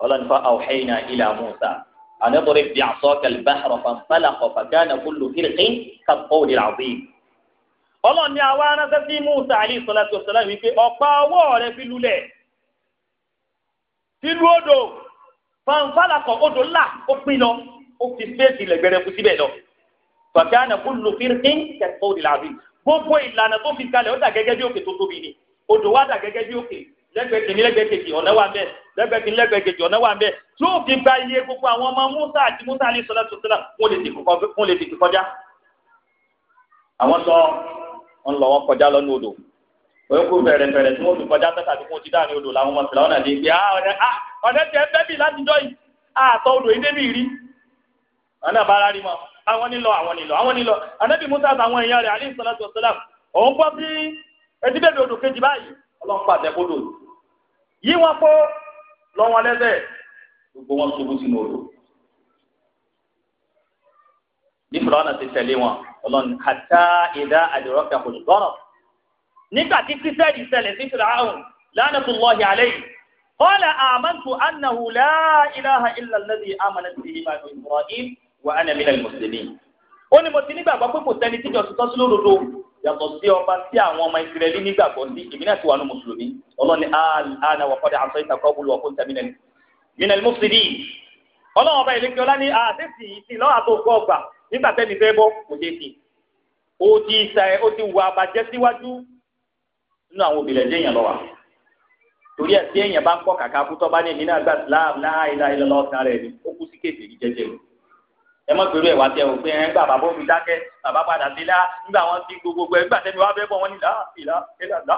A: ọlọ́nifá àwòhẹ́yìn ilà musa. أن اضرب بعصاك البحر فانفلق فكان كل فرق كالطول العظيم الله ní àwa aránṣẹ́ sí musa alayhi salatu wasalam wípé ọ̀pá ọwọ́ rẹ̀ fi lulẹ̀ sílùú odò fanfalakọ̀ odò ńlá ó pin lọ ó fi fèsì lẹ́gbẹ̀rẹ̀ fún síbẹ̀ lọ. fàkànà kullu firqin kẹsàn-án òdìlà àbí gbogbo ìlànà tó fi kalẹ̀ ó dà gẹ́gẹ́ bí òkè tó tóbi ni odò wa dà gẹ́gẹ́ bí òkè lẹ́gbẹ̀ẹ́ kìíní lẹ́gbẹ̀ẹ́ kejì ọ̀nà wà bẹ́ẹ̀ lẹ́gbẹ̀ẹ́ kìíní lẹ́gbẹ̀ẹ́ kejì ọ̀nà wà bẹ́ẹ̀ tí o fi gba iye gbogbo àwọn ọmọ Musa àti Musa alẹ́ sọlá tó sọlá wọ́n lè tètè kọjá. àwọn sọ wọn lọ wọn kọjá lọ́nu odò òun kò fẹ̀rẹ̀ fẹ̀rẹ̀ tí wọ́n fi kọjá tẹ́tà tí wọ́n ti dáàrin odò làwọn ọmọ fìlà ọ̀nà dé pé ah, ọ̀nà ah, tẹ fẹ́ bì látijọ́ yìí àtọ ah, odò yìí débì rí ọ̀nà bára rí mọ́ àwọn nílò àwọn nílò àwọn nílò ànábì Musa àtàwọn èèyàn rẹ̀ alẹ́ sọlá tó sọlá òun bọ́ sí yí wọn pọ̀ lọ wọn lẹ́sẹ̀ gbogbo wọn ṣubú sínú odò bí fúlọ́nà ti tẹ̀lé wọn ọlọ́run kàtá ìdá àdìrọ́kà kò gbọ́rọ̀ nígbà tí kírísítẹ́ẹ̀lì ṣẹlẹ̀ sí fìlàáhùn lánàtúlọ́ọ̀hì àlẹ́yìn قال آمنت أنه لا إله إلا الذي آمنت به بنو إبراهيم وأنا من المسلمين ó ní mo ti nígbàgbọ́ pé kò sẹ́ni tíjọ́ sí tọ́sí lódodo yàtọ̀ sí ọba tí àwọn ọmọ ìsirẹ́lì nígbàgbọ́ sí èmi náà ti wà ní mùsùlùmí ọlọ́ni àná wà kọ́dà àṣọ ìtàkọ́ bulu ọkùnrin tàbí nẹni minal mufsidi ọlọ́run ọba ìlẹ́kẹ́ ọlá ní àdéhùn ah, ìsìn lọ́wọ́ àtòkọ́ ọgbà nígbà tẹ́ni fẹ́ bọ́ kò dé sí ó ti sa ẹ ó ti wà bàjẹ́ síwájú nínú àwọn òbí lẹ́jẹ̀ yẹn lọ́wọ́ torí ẹ̀ tí èèyàn bá ń kọ́ kàkà kú bá ní ìdí náà gbà síláàmù láàyè láàyè lọ́wọ́ sáré ni ó kú sí kéde ìjẹjẹrẹ ẹ mọ̀ pẹ̀lú ẹ̀wà tẹ o pé ẹ̀ ń gbà bàbá òfin dákẹ́ bàbá padà sí la ńgbà wọn ti gbogbogbò ẹ̀ ńgbà tẹ́mi wá bẹ́ bọ̀ wọ́n ní là ìlà ìlà là.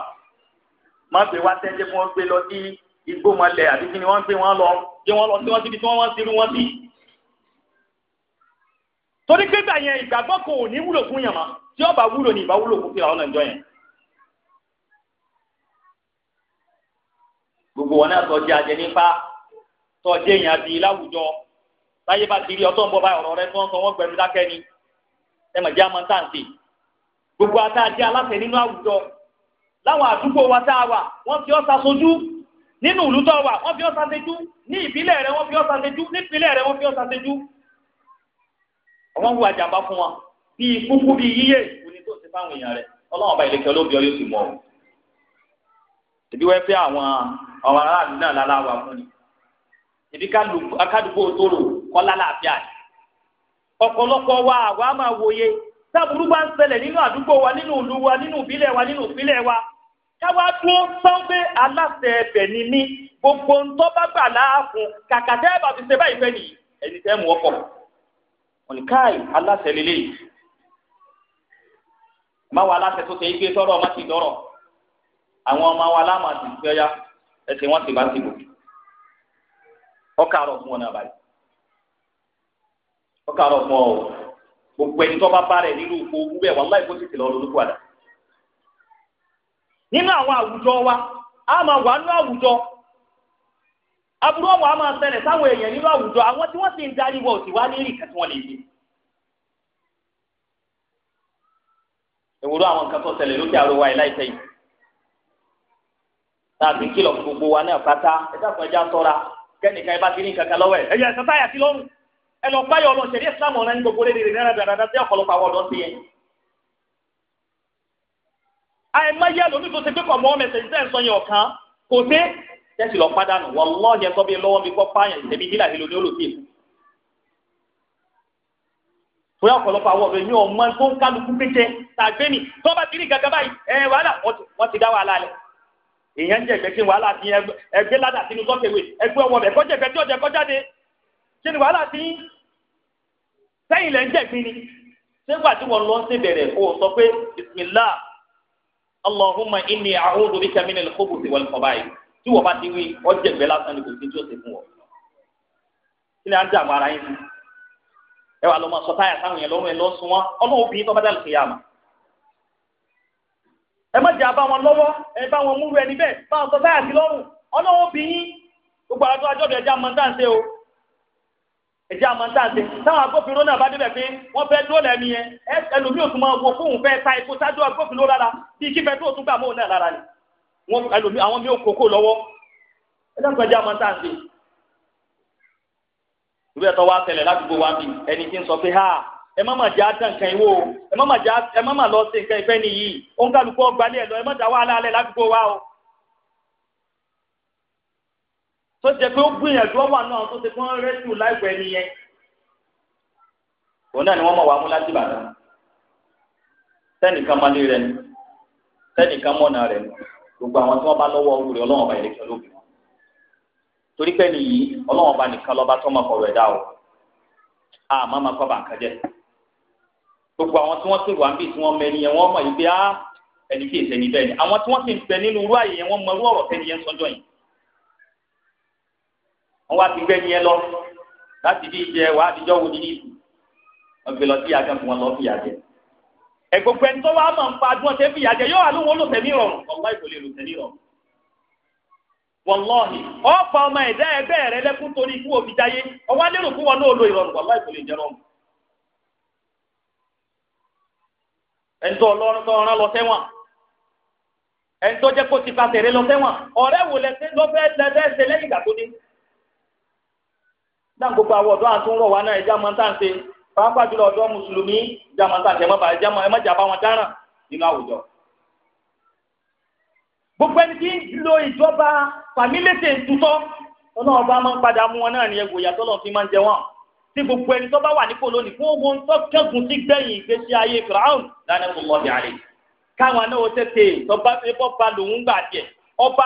A: má pè wá tẹ́jẹ́ fún wọn gbé lọ sí igbó mọ́lẹ̀ àbí kí ni wọ́n gbé wọn lọ jẹ́ wọn lọ sí wọn síbi tí wọ́n wọ́n ti rú wọn sí. torí pé gbà yẹn ìgbàgbọ́ kan ò ní wúlò fún yàn mọ́ tí ó bá wúlò ní ìbá wúlò fún fìlà ọ̀nà ìjọ yẹn. gbogbo wọn náà sọ láyé bá ti rí ọtọ́ ń bọ́ báyìí ọ̀rọ̀ rẹ tí wọ́n sọ wọ́n gbẹnu dákẹ́ ni ẹ mọ̀ jẹ́ àmọ́ tá à ń tè gbogbo ata jẹ́ aláṣẹ nínú àwùjọ láwọn àdúgbò wa tá a wà wọ́n fi ọ́sà sojú nínú ìlú tó wà wọ́n fi ọ́sà sejú ní ìbílẹ̀ rẹ wọ́n fi ọ́sà sejú nípínlẹ̀ rẹ wọ́n fi ọ́sà sejú wọ́n hu àjàmbá fún wọn bí kúkú bí yíyé òní tó ti fáwọn èèyàn rẹ ọlọ́wọ́n kọ́lá làbíà ni ọ̀pọ̀lọpọ̀ wa àwa máa wòye sábúrú bá ń ṣẹlẹ̀ nínú àdúgbò wa nínú ìlú wa nínú ìbílẹ̀ wa nínú ìpínlẹ̀ wa káwá dúró sọ́gbé aláṣẹ ẹ̀bẹ̀ ni mí gbogbo ń tọ́ bá gbà láàfún kàkà tẹ́ bá fi ṣe báyìí fẹ́ nìyí ẹni tẹ́ mú ọkọ̀ òní káì aláṣẹ lélẹ̀ yìí má wa aláṣẹ tó ṣe ike sọ́rọ̀ ọmọ ti dọ́rọ̀ àwọn ọmọ wa láàmú àti ìfẹ́ ya ẹsẹ̀ wọn ti bá ti bò ọkà rọ̀ fún ọ náà báyìí ọkà rọ̀ mọ́ ọ gbogbo ẹni tó bá bá rẹ̀ nínú ipò owó bẹ́ẹ̀ wàhálà ìkó tètè lọ lóko àdá. nínú àwọn àwùjọ wa a máa wà nínú àwùjọ aburú ọ̀wọ̀ a máa ṣẹlẹ̀ sáwọn èèyàn nínú àwùjọ àwọn tí wọ́n ti ń darí wọ̀ sí wá ní ìrìkà tí wọ́n lè ṣe. ìwúrọ̀ àwọn nǹkan tó ṣẹlẹ̀ lókè àrò wa ìláìpẹ́ yìí tàbí kìlọ̀ gbogbo wa náà pátá ẹ dákun ẹja ṣọ́ra kẹ́nìkan ẹ bá ti ní nǹkan kan lọ́wọ́ ẹ̀ ẹ̀yẹ ẹ̀ ẹ lọ báyọ̀ ọlọ́run ṣẹ̀rí ìsìlámù ọ̀rẹ́ ní gbogbo lédè rẹ̀ náírà dáadáa tí ọ̀pọ̀lọpọ̀ àwọn ọ̀dọ́ ti yẹn. àìmọye ẹlòmíì tó ṣe pé kọ̀ mọ́ mẹsẹ̀jì tẹ́ ń sọ yẹn ọ̀kan kò sí tẹ́sí lọ pádànù wọ́lọ́ọ̀yẹ tó bí lọ́wọ́ mi kọ́ pààyàn ìṣẹ̀bí dílà ìlú ni ó lò sí èkó. torí ọ̀pọ̀lọpọ̀ àwọn ọ̀rẹ́ yín ọmọ tó ń kálukú pété tàgbé ni tó bá ti rí gàgà báyìí ẹ wàhálà wọ́n ti dá wàhálà lẹ̀. èèyàn ń jẹ̀gbẹ́ kí wàhálà ti ẹgbẹ́ ládà sínú sọ́kèwé ẹgbẹ́ ọmọ rẹ̀ kọ́jẹ̀gbẹ́ tí ọ̀jẹ̀ kọjáde kí ni wàhálà ti sẹ́yìn lẹ́ ń jẹ̀bi ni nígbà tí wọ́n lọ sí bẹ̀rẹ̀ kó o sọ pé bisimilá allahumma inni a'udhu bika min al-khubuthi wal khaba'ith tí wọ́n bá ti wí ọ̀jẹ̀gbẹ́ lásán ni kò sí tí ó ti fún ọ. kí ni à ń dààmú ara yín sí ẹ wà lọ́mọ sọ́táyà táwọn yẹn lọ́rùn ẹ lọ́ sun wọn ọlọ́run obìnrin tó dàlù kìyà mà. ẹ má jẹ́ àbá wọn lọ́wọ́ ẹ bá wọn múru ẹni bẹ́ẹ̀ bá wọn sọ́táyà ẹ̀jẹ̀ àmọ́ntàṣe táwọn agbófinró náà bá débẹ̀ pé wọ́n fẹ́ dóòlà ẹni yẹn ẹlòmíì ò tún máa wo fóun fẹ́ ta epo ṣáájú agbófinró rárá bí kíkẹ́ tó tún gbà mọ́ òun náà rárá ni wọ́n ẹlòmíì àwọn mi ò kókó lọ́wọ́ ẹ̀jẹ̀ àmọ́ntàṣe ìwé ẹ̀tọ́ wa tẹ̀lẹ̀ ládùúgbò wa bì ẹni tí ń sọ pé ha ẹ má má jẹ́ àdán nǹkan ìwò ẹ má má lọ sí nǹkan ìfẹ́ nìyí òun kálukú ọgbà tó jẹ pé ó gbìyànjú ọwà náà tó ti pọn rẹsíù láìpẹ́ nìyẹn òun náà ni wọ́n mọ̀ wá mú láti Ìbàdàn sẹ́nìkan malé rẹ ni sẹ́nìkan mọ̀nà rẹ ni gbogbo àwọn tí wọ́n bá lọ́wọ́ ọrùn rẹ Ọlọ́run ọba ìrẹsì lóbi torí pé nìyí Ọlọ́run ọba nìkan lọ́ba tó máa kọ̀rọ̀ ẹ̀dá o àmọ́ máa kọ́ bàǹkà jẹ́ gbogbo àwọn tí wọ́n sì wà ń bì tí wọ́n mẹ́ni yẹn wọ́n mọ̀ yìí pé á ẹni kì í ṣe ní bẹ́ẹ̀ ni àwọn tí wọ́n sì ń bẹ nínú irú àyè yẹn wọ́n mọ irú ọ̀rọ̀ tẹ́ni yẹn yìí wọn wá ti gbẹ ní ẹ lọ láti bí ìjẹ wàá àtijọ́ wo nínú ìlú wọn gbé lọ sí ìyá kan fún wọn lọ fìyà jẹ ẹgbẹgbẹ tó wàá mọ̀ nípa adúlọ tẹ fìyà jẹ yóò wà lóhun olùtẹ̀mí rọrùn ọlá ìkò lè lùtẹ̀mí rọrùn wọlọ́ọ̀hì ọ̀pọ̀ ọmọ ẹ̀dá ẹgbẹ́ rẹ lẹ́kún torí ikú òbí jáyé ọwọ́ lérò fún wọn náà lo ìrọ̀rùn ọlá jẹ rọrùn. ẹ̀ńtọ́ ọlọ́run tó rán lọ sẹ́wọ̀n ẹ̀ńtọ́ jẹ́ kó ti fa tẹ̀rẹ́ lọ sẹ́wọ̀n ọ̀rẹ́ wò lẹ́sẹ̀ lọ́fẹ́ lẹ́sẹ̀ lẹ́yìn ìgbà tó dé na gbogbo àwọn ọ̀dọ́ àti wa náà ẹja máa ń tà ń ṣe pàápàá jùlọ ọ̀dọ́ mùsùlùmí ẹja máa ń tà ń wọn dáràn nínú àwùjọ. gbogbo ẹni tí lo ìjọba fàmílétè tutọ́ ọlọ́run ọba máa ń padà mú wọn náà ní tí gbogbo ẹni tó wà nípò lónìí fún kẹ́gùn sí gbẹ̀yìn ọba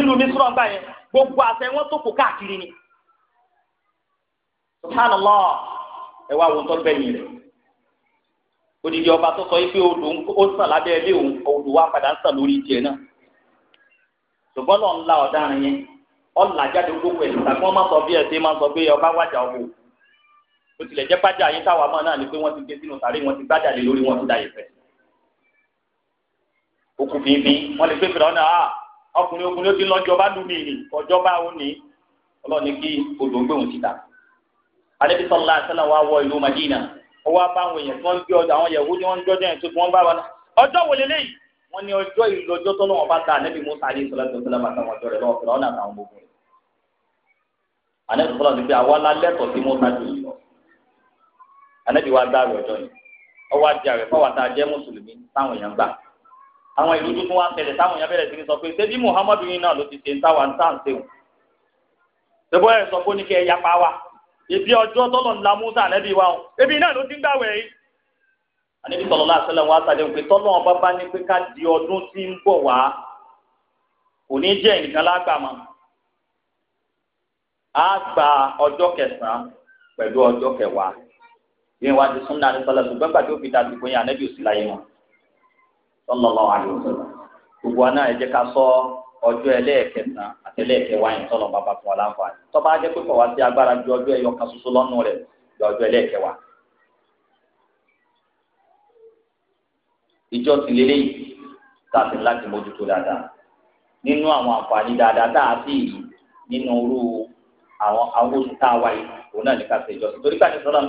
A: nílùú misrọ̀ gbà yẹn gbogbo àṣẹ wọn tó kù káàkiri ni. subhanallah ẹ wá wo tọ́jú ẹ̀yìn rẹ̀ odidi ọba tó sọ yìí pé odò ó sàn lábẹ́ ilé òun odò wa padà ń sàn lórí ìjẹ náà ṣùgbọ́n náà ńlá ọ̀daràn yẹn ọ̀là jáde gbogbo ẹ̀ tàbí wọ́n máa sọ bí ẹ̀sìn máa sọ pé ọba wájà ọkọ̀ ó tilẹ̀ jẹ́ pàjá yín táwa máa náà ni pé wọ́n ti gbé sínú sàárè wọ́n ti gbájà lé lórí wọ́n ti dá yẹ̀fẹ́ òkú fínfín wọ́n lè pé fìlà ọ̀nà àá ah, ọkùnrin ọkùnrin ti lọ jọba lumi ni ọjọba òní ọlọ́ni kí olùgbé òun ti ta alẹ́ bisọ́ ńlá sẹ́lá wa wọ ìlú Madina ọwọ́ abáwọn èèyàn tí wọ́n ń gbé ọjà àwọn yẹ̀wò ni wọ́n ń jọjọ́ yẹn tó tí wọ́n bá wa náà ọjọ́ wo lélẹ́yìí wọ́n ní ọjọ́ ìlọjọ́ tó lọ́wọ́ bá ta Ànábì Musa alẹ́ sọlá tó sọlá bàtà wọn jọ rẹ̀ lọ́wọ́ fúnra ọ̀nà àtàwọn gbogbo rẹ̀ Ànábì sọlá ti fi àwa lálẹ́tọ̀ sí Musa jù lọ Ànábì wa dárò ọjọ́ yìí ọwọ́ adìyà rẹ̀ fọwọ́ tá a jẹ́ mùsùlùmí táwọn èèyàn àwọn ìlú tuntun wa tẹ́lẹ̀ táwọn èèyàn bẹ̀rẹ̀ sí ní sọ pé ṣebí muhammadu yìí náà ló ti ṣe ń táwa ń tà ń ṣe o ṣebó ẹ sọ pé ní kí ẹ yapa wa ebi ọjọ́ tọlọ ńlá musa ànẹbí wa o ebi náà ló ti ń gbàwẹ̀ yìí ànẹbí sọlọ náà sẹlẹ wọn àtàlẹ òkè tọlọ ọba bá ní pé ká di ọdún tí ń bọ̀ wá kò ní jẹ nǹkan lágbàmọ á gba ọjọ́ kẹsànán pẹ̀lú ọjọ́ kẹwàá bí wọn ti sún náà ní sọlọ ṣùgbọ́n gbàdúrà òfin dàbí pé ànẹbí ò sí láyé wọn. Sọlọlọ alaihi wasallam gbogbo àná ẹ ká sọ ọjọ́ ẹlẹ́ẹ̀kẹsàn àti ẹlẹ́ẹ̀kẹwàá yẹn sọlọ bàbá fún aláǹfààní tọba ajẹ pé kọwá sí agbára ju ọjọ́ ẹyọ kan rẹ ju ọjọ́ ẹlẹ́ẹ̀kẹwàá. ìjọ yìí láti mójútó dáadáa nínú àwọn àǹfààní dáadáa tá a sì nínú àwọn tá a wáyé òun náà ní ká torí ká ní sọlá ń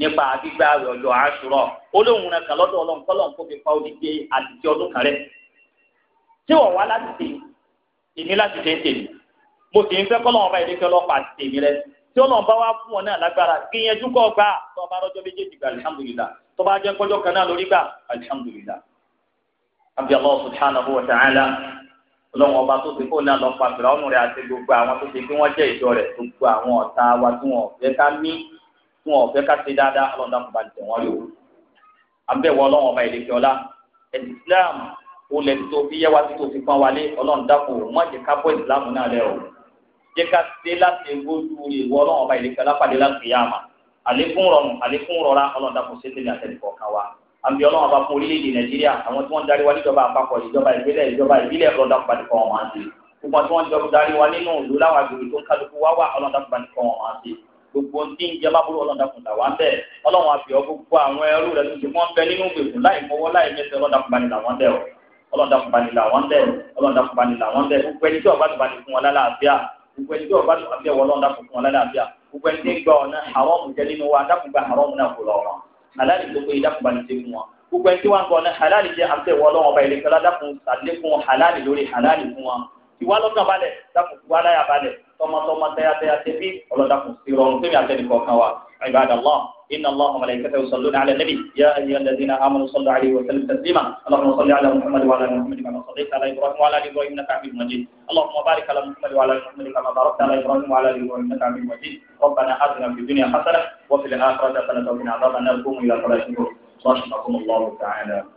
A: nípa gbígbà ọjọ́ àṣùrọ olóhùn rẹ kà lọ́dọ̀ Ọlọ́run kọlọrun kó fi pa olùgbé àtìkí ọdún kan rẹ tí wọn wá láti tè èmi láti tè tèmi mo sì ń fẹ́ kọlọrun ọba ìdíkẹ ọlọpàá àti tèmi rẹ tí Ọlọ́run bá wá fún ọ náà lágbára gbìyànjú kọ gbà tó ọba rọjò méjèèjì gbà alihamudulila tó bá jẹ kọjọ kan náà lórí gbà alihamudulila abi fún ọ̀fẹ́ ká ṣe dáadáa ọlọ́dà kò bá ti tẹ̀ wọ́n yòó. abẹ́wò ọlọ́run ọba ìlẹ̀kẹ́ ọlá islam ó lẹ̀ tó fi yẹ wá sí tó fi pọ́n wálé ọlọ́run dákò má jẹ́ ká bọ́ islam náà lẹ́ o. jẹ́ ká ṣe láti gbójú ìwọ ọlọ́run ọba ìlẹ̀kẹ́ ọlá pàdé láti yá àmà àlékún rọrùn àlékún rọra ọlọ́run dákò ṣe tẹ̀lé àtẹnìkọ̀ kan wa. àbí ọlọ́run ọba fún orílẹ̀-èdè nàìjíríà àwọn tí wọ́n darí wa níjọba àpapọ̀ ìjọba ìbílẹ̀ ìjọba ìbílẹ̀ ọlọ́run dákò pàdé kan wọn àti gbogbo àti wọn jọ darí wa gbogbo ní ìjẹ mábúrò ọlọ́dàkùn làwọn ń bẹ̀ ọlọ́run àfihàn gbogbo àwọn ẹrú rẹ tó ti wọ́n bẹ nínú gbèkùn láì mọwọ́ láì mẹsẹ̀ ọlọ́dàkùn bani làwọn ń bẹ̀ ọlọ́dàkùn bani làwọn ń bẹ̀ ọlọ́dàkùn bani làwọn ń bẹ̀ gbogbo ẹni tí ọba tó bani fún wọn lálàáfíà gbogbo ẹni tí ọba tó bani fún wọn lálàáfíà gbogbo ẹni tí ń gba ọ̀nà àwọn ọmọdé nínú wa dákùnbà àwọn ọmọ náà kò lọ́rọ̀ aláàlì gbogbo ìdákùnbà ní ti fún wọn gbogbo ẹni tí wọn gbọ ọ̀nà halali jẹ àfẹwọ Ọlọ́run ọba ìlẹ̀kẹ̀ ọlá dákùn sàlékún halali lórí halali fún wọn ìwà lọ́kàn balẹ̀ dákùn wàláyà balẹ̀ tọmọtọmọ tẹyàtẹyà tẹbi ọlọ́dàkùn sí rọrùn fún mi àtẹnìkọ̀ kan wa ibadallah. إن الله وملائكته يصلون على النبي يا أيها الذين آمنوا صلوا عليه وسلموا تسليما اللهم صل على محمد وعلى آل محمد كما صليت على إبراهيم وعلى آل إبراهيم إنك حميد مجيد اللهم بارك على محمد وعلى آل محمد كما باركت على إبراهيم وعلى آل إبراهيم إنك حميد مجيد ربنا آتنا في الدنيا حسنة وفي الآخرة حسنة وقنا عذاب النار قوموا إلى صلاة الظهر رحمكم الله تعالى